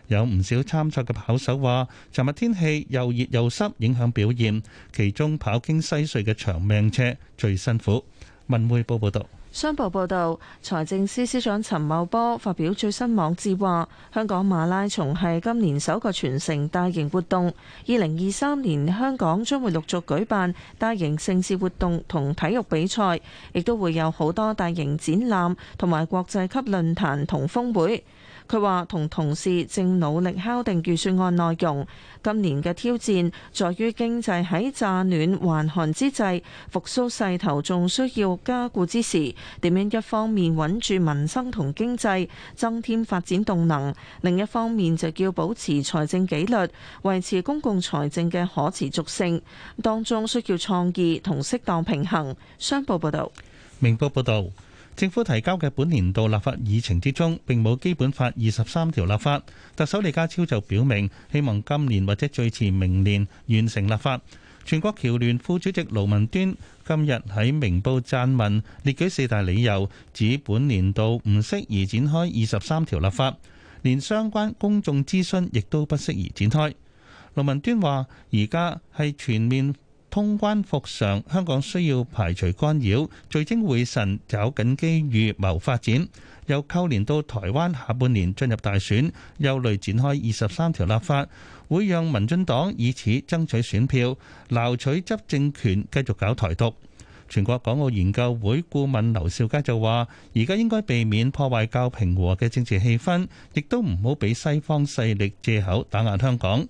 有唔少參賽嘅跑手話，尋日天氣又熱又濕影響表現，其中跑經西隧嘅長命車最辛苦。文匯報報道。商報報道，財政司司長陳茂波發表最新網誌話，香港馬拉松係今年首個全城大型活動。二零二三年香港將會陸續舉辦大型盛事活動同體育比賽，亦都會有好多大型展覽同埋國際級論壇同峰會。佢話：同同事正努力敲定預算案內容。今年嘅挑戰在於經濟喺乍暖還寒之際，復甦勢頭仲需要加固之時，點樣一方面穩住民生同經濟，增添發展動能；另一方面就叫保持財政紀律，維持公共財政嘅可持續性。當中需要創意同適當平衡。商報報道。明報報導。政府提交嘅本年度立法議程之中，並冇基本法二十三條立法。特首李家超就表明，希望今年或者最遲明年完成立法。全國僑聯副主席盧文端今日喺明報撰文，列舉四大理由，指本年度唔適宜展開二十三條立法，連相關公眾諮詢亦都不適宜展開。盧文端話：而家係全面。通關復常，香港需要排除干擾，聚精會神找緊機遇謀發展。又扣連到台灣下半年進入大選，又嚟展開二十三條立法，會讓民進黨以此爭取選票，撈取執政權，繼續搞台獨。全國港澳研究會顧問劉兆佳就話：而家應該避免破壞較平和嘅政治氣氛，亦都唔好俾西方勢力借口打壓香港。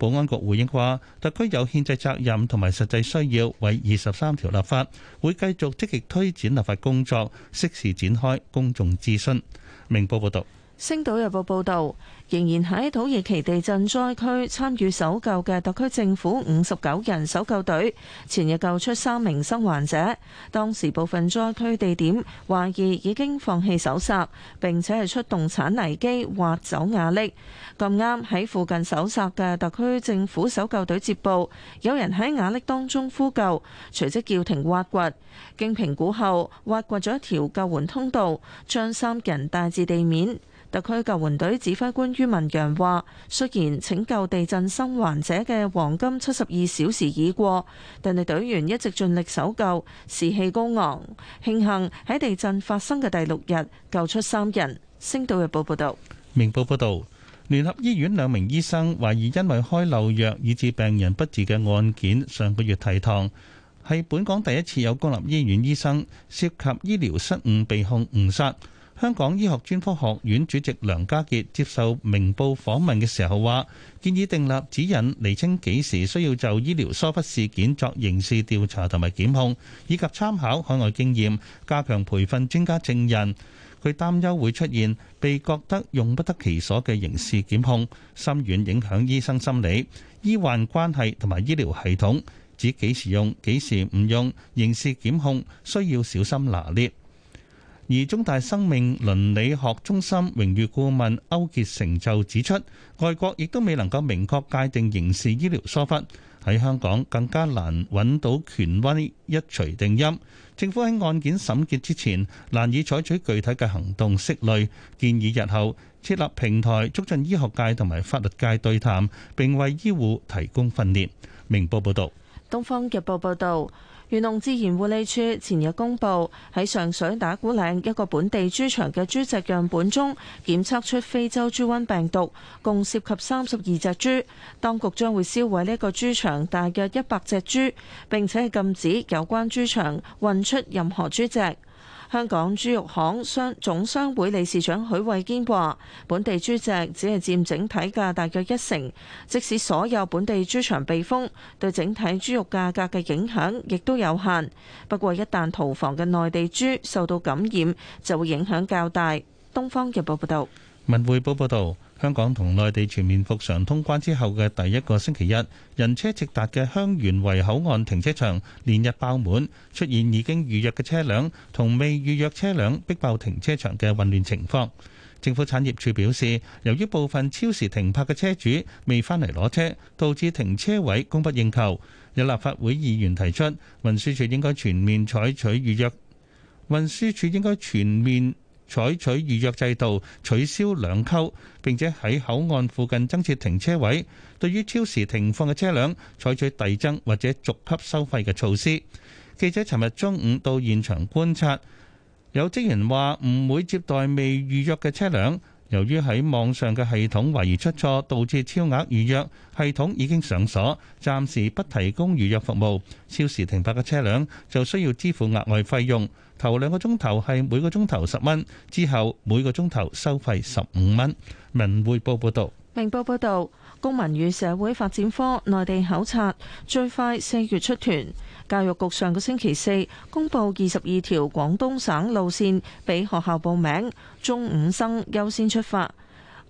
保安局回應話，特區有憲制責任同埋實際需要，為二十三條立法，會繼續積極推展立法工作，適時展開公眾諮詢。明報報道。星島日報報道，仍然喺土耳其地震災區參與搜救嘅特區政府五十九人搜救隊，前日救出三名生還者。當時部分災區地點懷疑已經放棄搜索，並且係出動鏟泥機挖走瓦礫。咁啱喺附近搜索嘅特區政府搜救隊接報，有人喺瓦礫當中呼救，隨即叫停挖掘。經評估後，挖掘咗一條救援通道，將三人帶至地面。特區救援隊指揮官于文陽話，雖然拯救地震生還者嘅黃金七十二小時已過，但係隊員一直盡力搜救，士氣高昂。慶幸喺地震發生嘅第六日救出三人。星島日報報道。明報報道，聯合醫院兩名醫生懷疑因為開漏藥以致病人不治嘅案件，上個月提堂，係本港第一次有公立醫院醫生涉及醫療失誤被控誤殺。香港醫學專科學院主席梁家傑接受明報訪問嘅時候話，建議訂立指引釐清幾時需要就醫療疏忽事件作刑事調查同埋檢控，以及參考海外經驗加強培訓專家證人。佢擔憂會出現被覺得用不得其所嘅刑事檢控，深遠影響醫生心理、醫患關係同埋醫療系統。指幾時用，幾時唔用刑事檢控，需要小心拿捏。而中大生命倫理學中心榮譽顧問歐傑成就指出，外國亦都未能夠明確界定刑事醫療疏忽，喺香港更加難揾到權威一錘定音。政府喺案件審結之前，難以採取具體嘅行動策略。建議日後設立平台，促進醫學界同埋法律界對談，並為醫護提供訓練。明報報道，《東方日報》報道。漁農自然護理署前日公布，喺上水打鼓嶺一個本地豬場嘅豬隻樣本中，檢測出非洲豬瘟病毒，共涉及三十二隻豬。當局將會銷毀呢一個豬場，大約一百隻豬，並且係禁止有關豬場運出任何豬隻。香港豬肉行商總商會理事長許偉堅話，本地豬隻只係佔整體價大約一成，即使所有本地豬場被封，對整體豬肉價格嘅影響亦都有限。不過，一旦屠房嘅內地豬受到感染，就會影響較大。《東方日報》報道，《文匯報》報道。香港同內地全面復常通關之後嘅第一個星期日，人車直達嘅香園圍口岸停車場連日爆滿，出現已經預約嘅車輛同未預約車輛逼爆停車場嘅混亂情況。政府產業署表示，由於部分超時停泊嘅車主未返嚟攞車，導致停車位供不應求。有立法會議員提出，運輸署應該全面採取預約。運輸署應該全面採取預約制度，取消兩扣，並且喺口岸附近增設停車位。對於超時停放嘅車輛，採取遞增或者逐級收費嘅措施。記者尋日中午到現場觀察，有職員話唔會接待未預約嘅車輛。由於喺網上嘅系統懷疑出錯，導致超額預約，系統已經上鎖，暫時不提供預約服務。超時停泊嘅車輛就需要支付額外費用，頭兩個鐘頭係每個鐘頭十蚊，之後每個鐘頭收費十五蚊。文匯報報道。明報報道，公民與社會發展科內地考察最快四月出團。教育局上個星期四公布二十二條廣東省路線俾學校報名，中五生優先出發。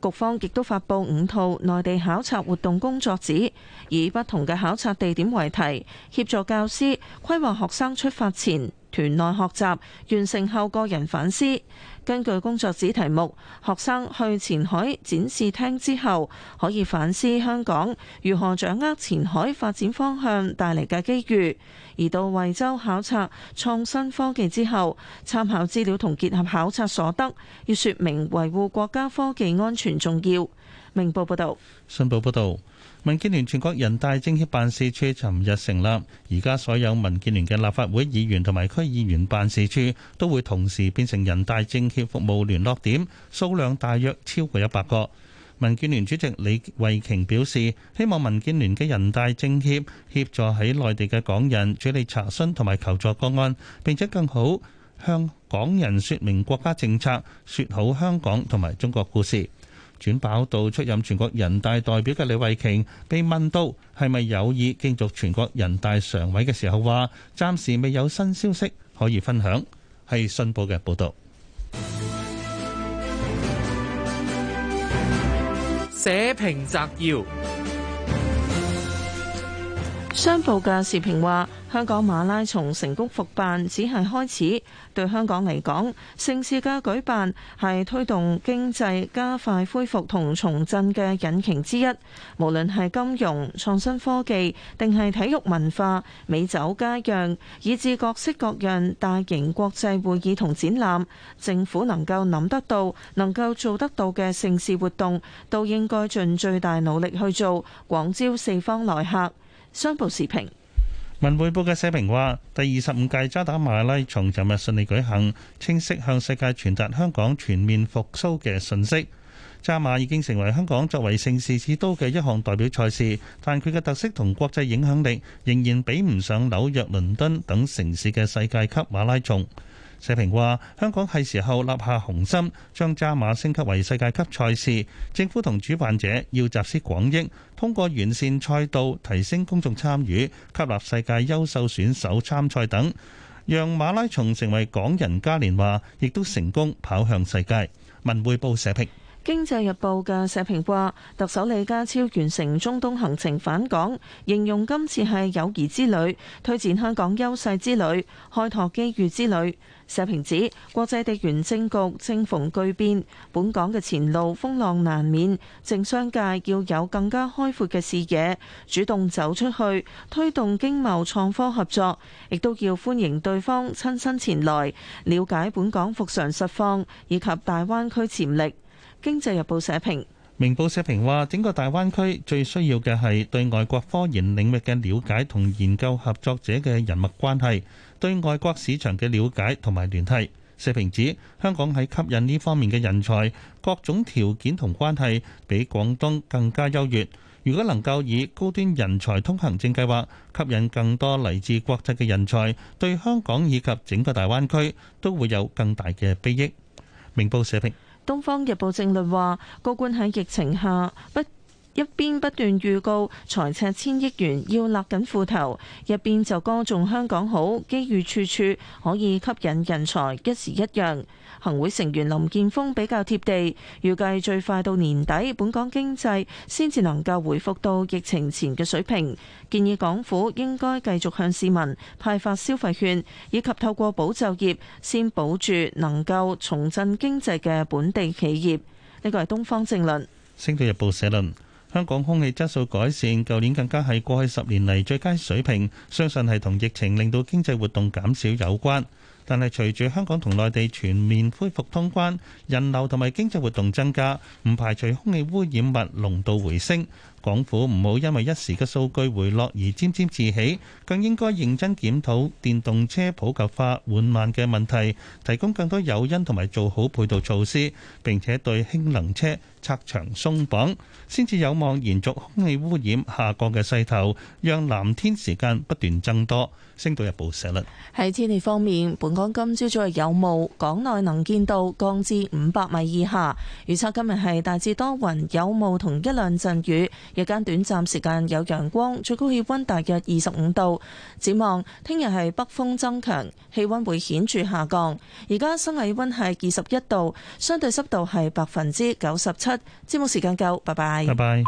局方亦都發布五套內地考察活動工作紙，以不同嘅考察地點為題，協助教師規劃學生出發前、團內學習完成後個人反思。根據工作紙題目，學生去前海展示廳之後，可以反思香港如何掌握前海發展方向帶嚟嘅機遇；而到惠州考察創新科技之後，參考資料同結合考察所得，要說明維護國家科技安全重要。明報報道。新報報道。民建聯全國人大政協辦事處尋日成立，而家所有民建聯嘅立法會議員同埋區議員辦事處都會同時變成人大政協服務聯絡點，數量大約超過一百個。民建聯主席李慧瓊表示，希望民建聯嘅人大政協協助喺內地嘅港人處理查詢同埋求助個案，並且更好向港人說明國家政策，說好香港同埋中國故事。轉跑道出任全國人大代表嘅李慧瓊，被問到係咪有意競逐全國人大常委嘅時候，話暫時未有新消息，可以分享。係信報嘅報道。社評摘要。商報嘅時評話：香港馬拉松成功復辦只係開始，對香港嚟講，盛事嘅舉辦係推動經濟加快恢復同重振嘅引擎之一。無論係金融、創新科技，定係體育文化、美酒佳釀，以至各式各樣大型國際會議同展覽，政府能夠諗得到、能夠做得到嘅盛事活動，都應該盡最大努力去做，廣招四方來客。商報視評：文匯報嘅社評話，第二十五屆渣打馬拉松尋日順利舉行，清晰向世界傳達香港全面復蘇嘅訊息。渣馬已經成為香港作為盛事之都嘅一項代表賽事，但佢嘅特色同國際影響力仍然比唔上紐約、倫敦等城市嘅世界級馬拉松。社評話：香港係時候立下雄心，將渣馬升級為世界級賽事。政府同主辦者要集思廣益，通過完善賽道、提升公眾參與、吸納世界優秀選手參賽等，讓馬拉松成為港人嘉年華，亦都成功跑向世界。文匯報社評。《經濟日報》嘅社評話，特首李家超完成中東行程返港，形容今次係友誼之旅、推薦香港優勢之旅、開拓機遇之旅。社評指國際地緣政局正逢巨變，本港嘅前路風浪難免，政商界要有更加開闊嘅視野，主動走出去推動經貿創科合作，亦都要歡迎對方親身前來了解本港復常實況以及大灣區潛力。經濟日報社評。明報社評話，整個大灣區最需要嘅係對外國科研領域嘅瞭解同研究合作者嘅人脈關係，對外國市場嘅瞭解同埋聯繫。社評指香港喺吸引呢方面嘅人才，各種條件同關係比廣東更加優越。如果能夠以高端人才通行證計劃吸引更多嚟自國際嘅人才，對香港以及整個大灣區都會有更大嘅裨益。明報社評。《東方日報正論》話：高官喺疫情下不一邊不斷預告財赤千億元，要勒緊褲頭，一邊就歌頌香港好，機遇處處可以吸引人才，一時一樣。行會成員林健峰比較貼地，預計最快到年底，本港經濟先至能夠回復到疫情前嘅水平。建議港府應該繼續向市民派發消費券，以及透過保就業先保住能夠重振經濟嘅本地企業。呢個係《東方正論》、《星島日報》社論。香港空氣質素改善，舊年更加係過去十年嚟最佳水平，相信係同疫情令到經濟活動減少有關。但係隨住香港同內地全面恢復通關，人流同埋經濟活動增加，唔排除空氣污染物濃度回升。港府唔好因為一時嘅數據回落而沾沾自喜，更應該認真檢討電動車普及化緩慢嘅問題，提供更多誘因同埋做好配套措施，並且對氫能車拆牆鬆綁，先至有望延續空氣污染下降嘅勢頭，讓藍天時間不斷增多。升到一暴射率。喺天氣方面，本港今朝早有霧，港內能見度降至五百米以下。預測今日係大致多雲，有霧同一兩陣雨，日間短暫時間有陽光，最高氣温大約二十五度。展望聽日係北風增強，氣温會顯著下降。而家室外溫係二十一度，相對濕度係百分之九十七。節目時間夠，拜拜。拜拜。